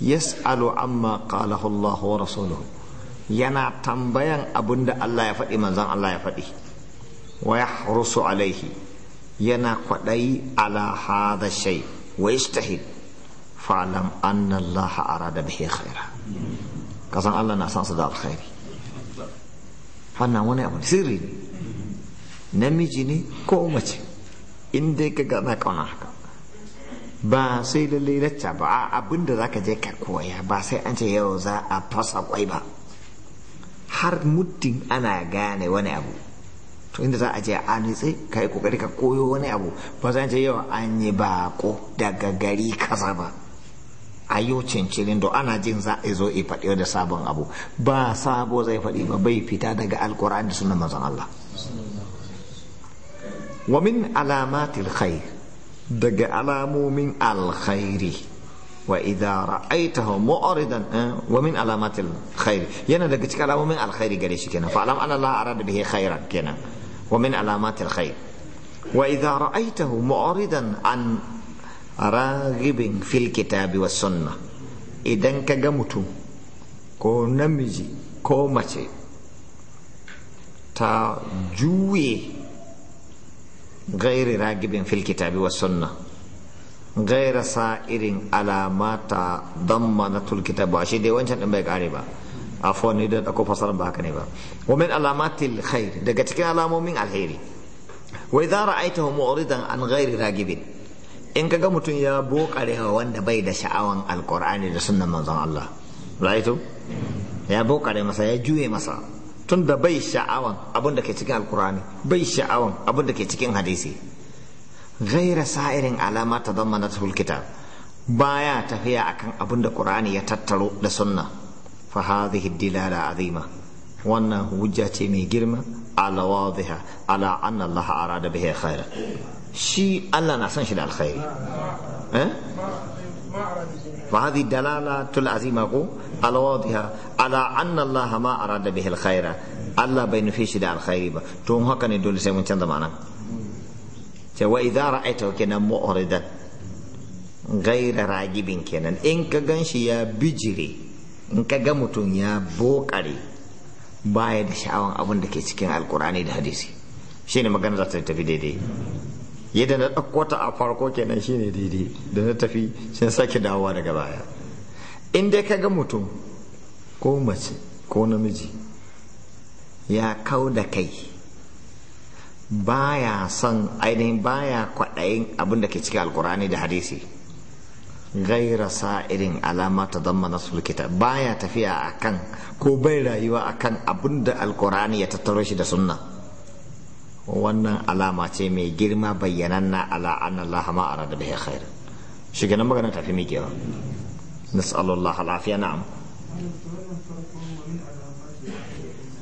yas'alu amma qalahu Allah wa rasuluhu yana tambayan abinda Allah ya faɗi manzon Allah ya faɗi wa yahrusu alaihi yana kwaɗayi ala hadha shay wa yastahid fa'lam anna Allah arada bihi khaira kasan Allah na san su da alkhairi hana wani abu sirri ne namiji ne ko mace in dai ka gana kauna haka ba sai lallai lacca ba a abin da za ka je ka koya ba sai an ce yau za a fasa kwai ba har muddin ana gane wani abu to inda za a je a nitse ka yi kokari ka koyo wani abu ba za a ce yau an yi bako daga gari kasa ba a yau cincirin da ana jin za a zo a faɗi da sabon abu ba sabo zai faɗi ba bai fita daga alkur'ani da sunan mazan Allah wa min alamatil khair daga alamomin alkhairi wa idza ra'aytahu mu'ridan eh, wa min alamatil khair yana daga cikin alamomin alkhairi gare shi kenan fa alam anna Allah arada bihi khairan kenan wa min alamatil khair wa idza ra'aytahu mu'ridan an ragibin fil kitabi was sunna idan ka ga mutum ko namiji ko mace ta juye gairi ragibin fil kitabi was sunna gaira sa irin alamata dammanatul kitabu ashe dai wancan din bai kare ba A ne da ko fasaran ba haka ne ba wa alamatil khair daga cikin alamomin alheri wai za ra'aytahu mu'ridan an gairi ragibin in kaga mutum ya wa wanda bai da sha'awan alkur'ani da sunnan manzon Allah laito ya bokare masa ya juye masa tun da bai sha'awan abin da ke cikin alkur'ani bai sha'awan abin da ke cikin hadisi Gaira sa'irin alama ta zama na kitab baya tafiya akan abin da ƙur'ani ya tattaro da sunna fa hadhihi dilala azima wannan hujja ce mai girma ala wadiha ala anna Allah arada bihi khaira shi Allah na son shi da alkhairi eh? fa azima ko alwadiha ma arada bihi alkhaira Allah bai nufi shi da alkhairi ba to haka ne dole sai mun canza ma'ana cha wa idza ra'aita ragibin kenan in ka ganshi ya bijire in ga mutun ya bokare baya da sha'awan abin da ke cikin alqurani da hadisi shine magana zata tafi daidai yadda na ɗauko ta a farko kenan shine daidai da na tafi sun sake dawowa daga baya in dai ka ga mutum ko mace ko namiji ya kau da kai baya son ainihin baya kwaɗayin abin da ke cikin alkurani da hadisi gaira irin alama ta zama na sulkita baya tafiya akan ko bai rayuwa akan abin da alkurani ya tattaro shi da sunna wannan alama ce mai girma bayyanan na ala anna Allah ma arada bihi khairan shi ganin magana tafi mikewa nas'alullah al'afiya na'am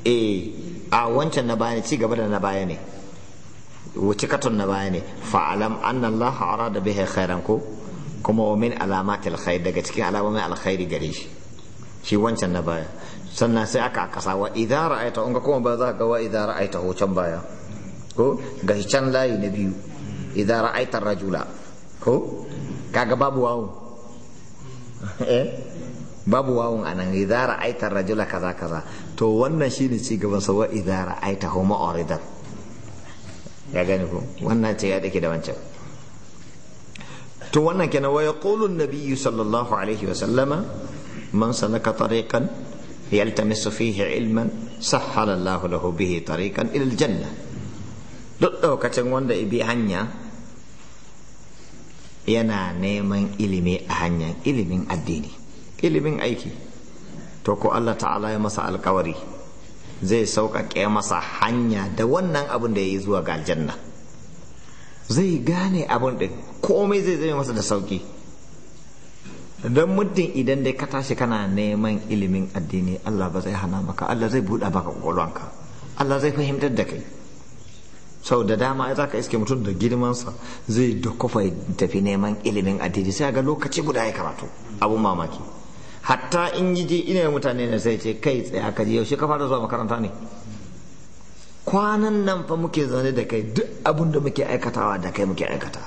eh a wancan na baya ne ci gaba da na baya ne wuce katon na baya ne fa'alam anna Allah da bai khairan ko kuma wa min alamatil khair daga cikin alamomin alkhairi gare shi shi wancan na baya sannan sai aka kasa wa idara ra'aita unga kuma ba za ka ga wa idza ra'aita hoton baya ko gashi can layi na biyu idan ra'aitar rajula ko kaga babu wawun eh babu wawun nan idan ra'aitar rajula kaza kaza to wannan shi ne ci gaban sa wa idan ra'aita huma uridan ya gani ko wannan ce ya dake da wancan to wannan kenan wa yaqulu an-nabiy sallallahu alaihi wa sallama man sanaka tariqan yaltamisu fihi ilman sahhala Allahu lahu bihi tariqan ila al-jannah duk ɗaukacin wanda ibi hanya yana neman ilimi a hanyar ilimin addini ilimin aiki to ko Allah ta'ala ya masa alkawari zai sauƙaƙe masa hanya da wannan abin da ya yi zuwa ga janna. zai gane abin da komai zai zai masa da sauƙi don muddin idan dai ka tashi kana neman ilimin addini Allah ba zai hana maka Allah zai buɗa maka ƙwaƙwalwanka Allah zai fahimtar da kai sau da dama ya zaka iske mutum da girmansa zai da kofa tafi neman ilimin addini sai ga lokaci guda ya karatu abun mamaki hatta in yi je ina mutane ne sai ce kai tsaya ka je yaushe ka fara zuwa makaranta ne kwanan nan fa muke zane da kai duk abun da muke aikatawa da kai muke aikata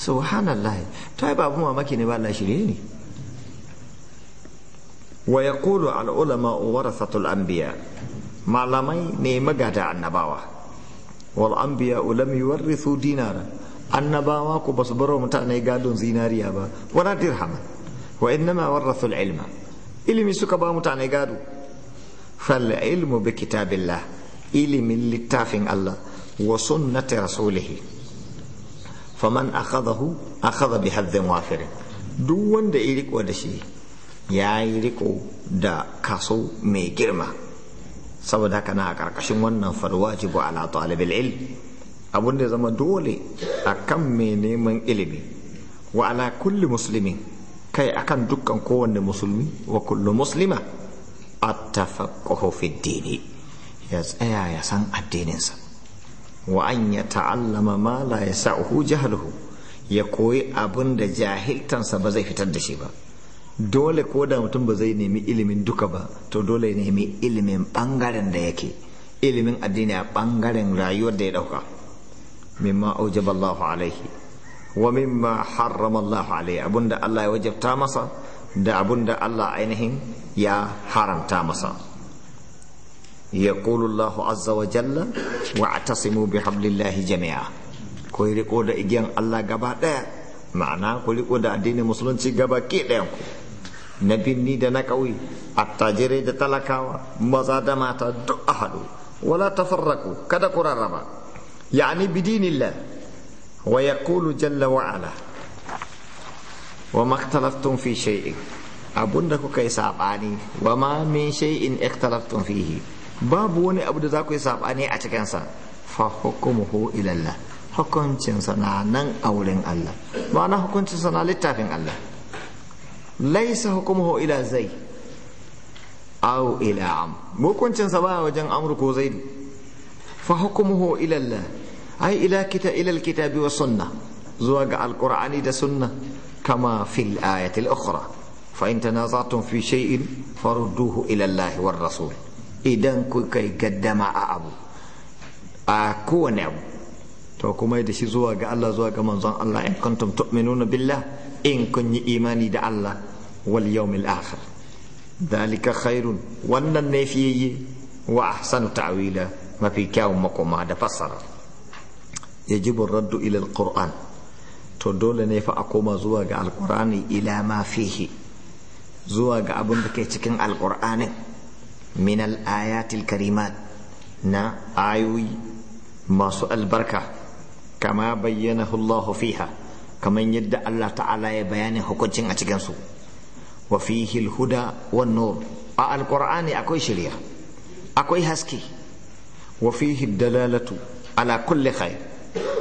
subhanallah ta ba babu mamaki ne ba Allah shirye ne wa yaqulu al ulama warathatul anbiya malamai ne magada annabawa wal anbiya lam yuwarrithu dinara annabawa ku basu bar mutane gadon zinariya ba wala dirhama wa innama warrathu al ilma ilimi suka ba mutane gado fal ilmu bi kitabillah ilimin littafin Allah wa sunnati rasulihi faman akhadahu akhadha bi haddin wafir duk wanda ya riko da shi ya yi riko da kaso mai girma saboda haka na a ƙarƙashin wannan falwajibu ala talibil ilm abun da zama dole a kan mai neman ilimi wa ala kulli musulmin kai akan dukkan kowanne musulmi wa kullu muslima tafakkuhu fi dini ya tsaya ya san addininsa wa an ya ta'allama ma la yasahu jahluhu ya koyi abin da jahiltansa ba zai fitar da shi ba dole ko da mutum ba zai nemi ilimin duka ba to dole nemi ilimin bangaren da yake ilimin addini a bangaren rayuwar da ya dauka mimma aujaba Allahu alaihi wa mimma harrama Allahu alaihi abunda Allah ya wajabta masa da abunda Allah ainihin ya haramta masa yaqulu Allahu azza wa jalla wa'tasimu bihablillahi jami'a ko riko da igiyan Allah gaba daya ma'ana ku riko da addinin musulunci gaba ke ɗayan ku na birni da na ƙauye attajirai da talakawa maza da mata duk a haɗu wala tafarraku kada ku rarraba yani bidinillah wa yaqulu jalla wa ala wa makhtalaftum fi shay'in abunda kuka yi sabani wa ma min shay'in ikhtalaftum fihi babu wani abu da za ku yi sabani a cikin sa fa hukmuhu ila Allah hukuncin sa na nan auren Allah ma'ana hukuncin sa na littafin Allah laisa hukumuhu ila zai aw ila am hukuncin sa ba wajen amru ko zaid fa hukumuhu ila Allah ai ila kita ila alkitabi wa sunna zuwa ga alqur'ani da sunna kama fil ayati al-ukhra fa in tanaza'tum fi shay'in farudduhu ila Allah war rasul idan ku kai gaddama a abu a kowane abu to kuma da shi zuwa ga Allah zuwa ga manzon Allah in kuntum tu'minuna billah in kun yi imani da Allah wal yawmil akhir dalika khairun wannan ne fiye wa ahsanu ta'wila mafi kyawun makoma da fassara yajibu raddu ila alquran to dole ne fa a koma zuwa ga alqurani ila ma zuwa ga abin da ke cikin alqur'anin min al-ayatil karimat na ayoyi masu albarka kama bayyana Allah fiha kamar yadda Allah ta'ala ya bayani hukuncin a cikinsu wa fihi alhuda wan nur a alqur'ani akwai shari'a akwai haske wa fihi dalalatu ala kulli khair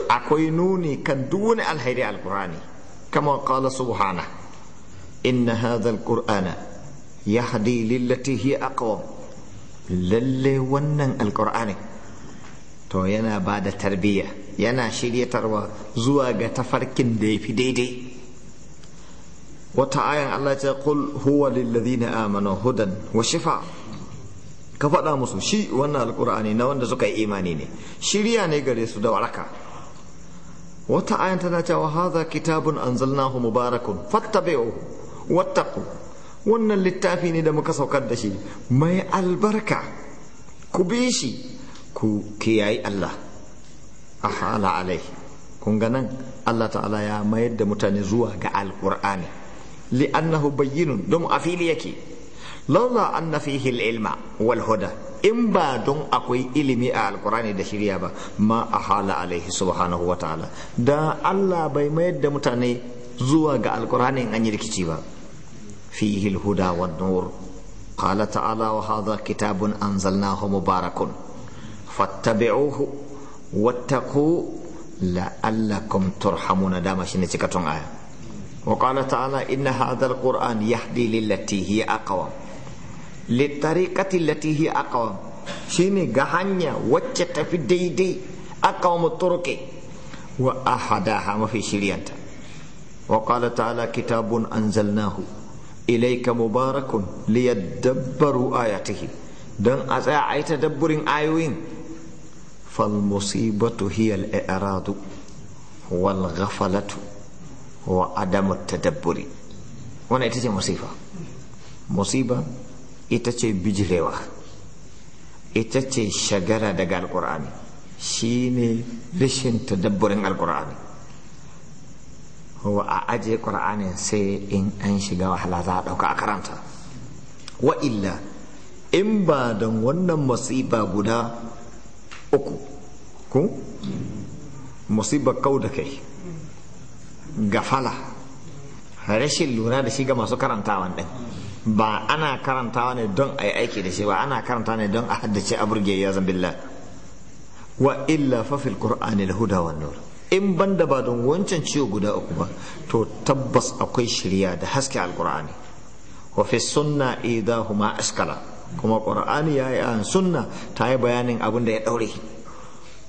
akwai nuni kan duk wani alhairi alqur'ani kama qala subhana inna hadha alqur'ana yahdi lillati hi aqwam lalle wannan alqur'ani to yana ba da tarbiyya yana shiryatarwa zuwa ga tafarkin da ya fi daidai wata ayan Allah ce kul huwa ladina amanu hudan wa shifa ka faɗa musu shi wannan alkur'ani na wanda suka yi imani ne shirya ne gare su da waraka wata ayan tana cewa hadha kitabun anzalnahu mubarakun fattabi'u wattaqu wannan littafi ne da muka saukar da shi mai albarka ku bi shi ku kiyayi Allah ahala alai kun ga nan Allah ta'ala ya mayar da mutane zuwa ga alkur'ani li'annahu bayyinu don a fili yake laula anna fihi al-ilma wal huda in ba don akwai ilimi a alkurani da shirya ba ma a hala alaihi subhanahu wa da Allah bai mayar da mutane zuwa ga alkurani anyi yi rikici ba fihi al-huda wan nur qala ta'ala wa hadha kitabun anzalnahu mubarakun fattabi'uhu wattaqu la'allakum turhamuna dama shine cikaton aya وقال تعالى إن هذا القرآن يهدي للتي هي أقوى للطريقة التي هي أقوى شيني غهانيا وجت في دي دي أقوم الطرق وأحداها ما في شريانتا وقال تعالى كتاب أنزلناه إليك مبارك ليدبروا آياته دون أزاعي تدبر آيوين فالمصيبة هي الإعراض والغفلة wa adamu tadabburi wani ita ce musifa musiba ita ce bijirewa ita ce shagara daga alkur'ani shi ne rashin tadabburin alkur'ani wa a aje ƙur'ani sai in an shiga wahala za a ɗauka a karanta wa illa in ba don wannan musiba guda uku ku musibar kau da kai gafala rashin lura da shi ga masu karantawan ɗin ba ana karantawa ne don a yi aiki da shi ba ana karanta ne don a haddace a burge ya zambilla wa illa fafil qur'ani huda wan nur in banda ba don wancan ciwo guda uku ba to tabbas akwai shirya da haske alqur'ani wa fi sunna huma askala kuma qur'ani ya yi sunna ta yi bayanin abin da ya daure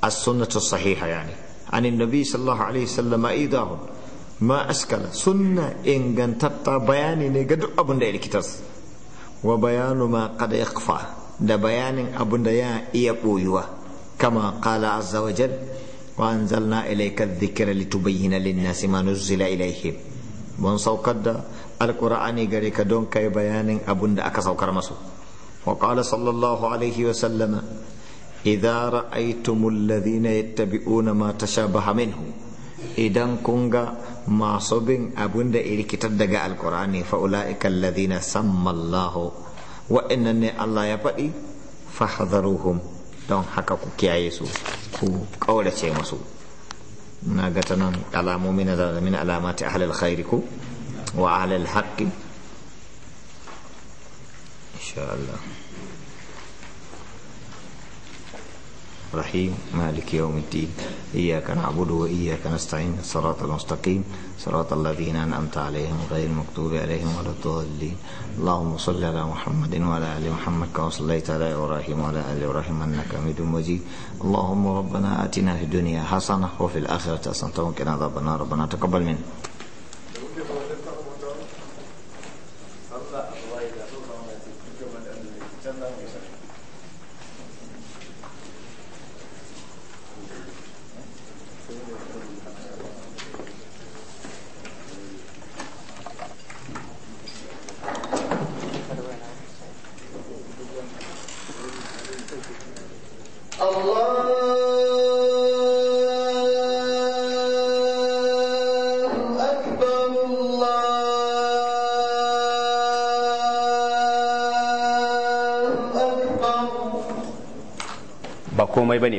as-sunnatu sahiha yani an nabi sallallahu alaihi wasallam huma ma askala sunna ingantatta bayani ne ga duk abin da ya rikitas wa bayanu ma qad yakhfa da bayanin abin da ya iya boyuwa kama qala azza wa jal wa anzalna ilayka adh-dhikra litubayyana lin-nasi ma nuzila ilayhim mun saukar da alqur'ani gare ka don kai bayanin abin da aka saukar masu wa qala sallallahu alaihi wa sallama idza ra'aytumul ladhina yattabi'una ma tashabaha minhu idan kun ga masu bin abin da rikitar daga alkur'ani fa'ula'ikan ladina sammallahu wa'annan ne Allah ya faɗi fahadaruhum don haka ku kiyaye su ku ƙaurace masu na ga ta nan alamomi na zalamin alamati ahlal khairi ku wa ahlal haƙƙi Allah رحيم مالك يوم الدين إياك نعبد وإياك نستعين صراط المستقيم صراط الذين أنعمت عليهم غير المكتوب عليهم ولا الضالين اللهم صل على محمد وعلى آل محمد كما صليت على إبراهيم وعلى آل إبراهيم إنك حميد مجيد اللهم ربنا آتنا في الدنيا حسنة وفي الآخرة حسنة وقنا عذاب النار ربنا تقبل منا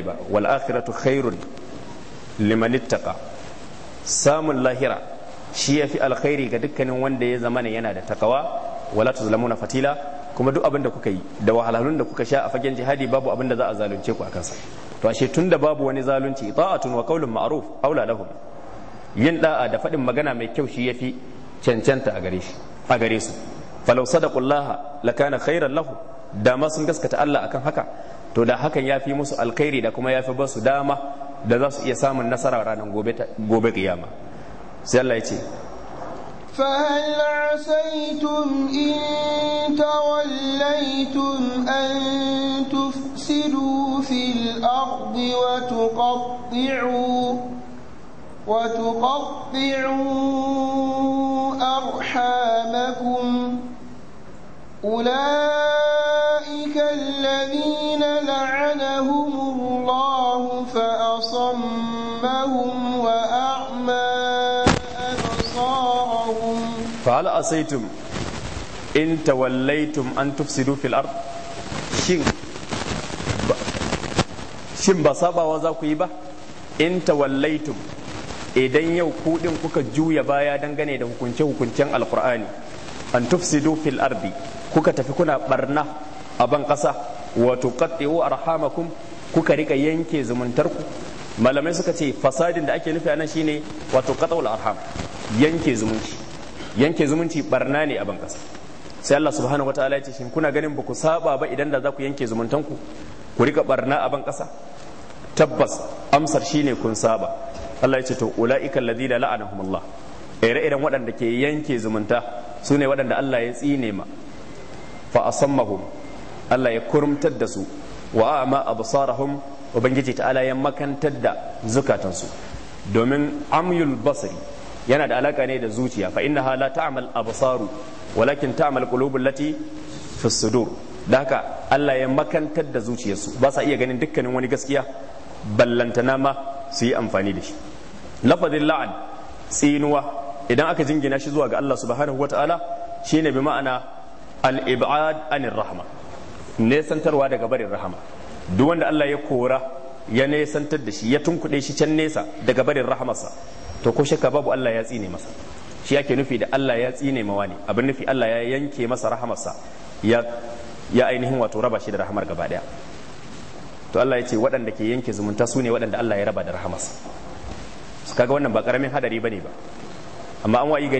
gane ba wal akhiratu khairun liman ittaqa samun lahira shi yafi alkhairi ga dukkanin wanda ya zama yana da takawa wala tuzlamuna fatila kuma duk abin da kuka yi da wahalhalun da kuka sha a fagen jihadi babu abin da za a zalunce ku a kansa to ashe tunda babu wani zalunci ta'atun wa qaulun ma'ruf aula lahum yin da'a da faɗin magana mai kyau shi yafi cancanta a gare shi a gare su falau sadaqullaha lakana khairan lahu da ma sun gaskata Allah akan haka to da hakan ya fi musu alkhairi da kuma ya fi basu dama da za su iya samun nasara ranar gobe kiyama sai Allah ya ce فهل عسيتم إن توليتم أن تفسدوا في الأرض وتقطعوا وتقطعوا أرحامكم أولئك الذين fa hal asaitum in tawallaitum an tufsidu fil ard shin shin ba sabawa za ku yi ba in tawallaitum idan yau kuɗin kuka juya baya dangane da hukunce hukuncen alkur'ani an tufsidu fil ardi kuka tafi kuna barna a ban kasa wato qatti'u arhamakum kuka rika yanke zumuntarku malamai suka ce fasadin da ake nufi a nan shine wato qat'ul arham yanke zumunci yanke zumunci barna ne a ban kasa sai Allah subhanahu wataala ya ce shin kuna ganin ba ku saba ba idan da za ku yanke zumuntanku ku rika barna a ban kasa tabbas amsar shine kun saba Allah ya ce to ulaika alladhina la'anahumullah ire-iren waɗanda ke yanke zumunta su ne waɗanda Allah ya tsine ma fa asammahum Allah ya kurumtar da su wa a'ma absarahum ubangiji ta'ala ya makantar da zukatansu domin amyul basri yana da alaka ne da zuciya fa inna la ta'mal absaru walakin ta'mal qulubul lati fi sudur da haka Allah ya makantar da zuciyarsu ba sa iya ganin dukkanin wani gaskiya ballantana ma su yi amfani da shi lafazin la'an tsinuwa idan aka jingina shi zuwa ga Allah subhanahu wata'ala shine bi ma'ana al-ib'ad anir rahma nesantarwa daga barin rahama duk wanda Allah ya kora ya nesantar da shi ya tunkuɗe shi can nesa daga barin rahamarsa to ko shakka babu Allah ya tsine masa shi yake nufi da Allah ya tsine mawa ne abin nufi Allah ya yanke masa rahamarsa ya ya ainihin wato raba shi da rahamar gaba daya to Allah ya ce waɗanda ke yanke zumunta su ne waɗanda Allah ya raba da rahamarsa suka kaga wannan ba karamin hadari bane ba amma an wayi gari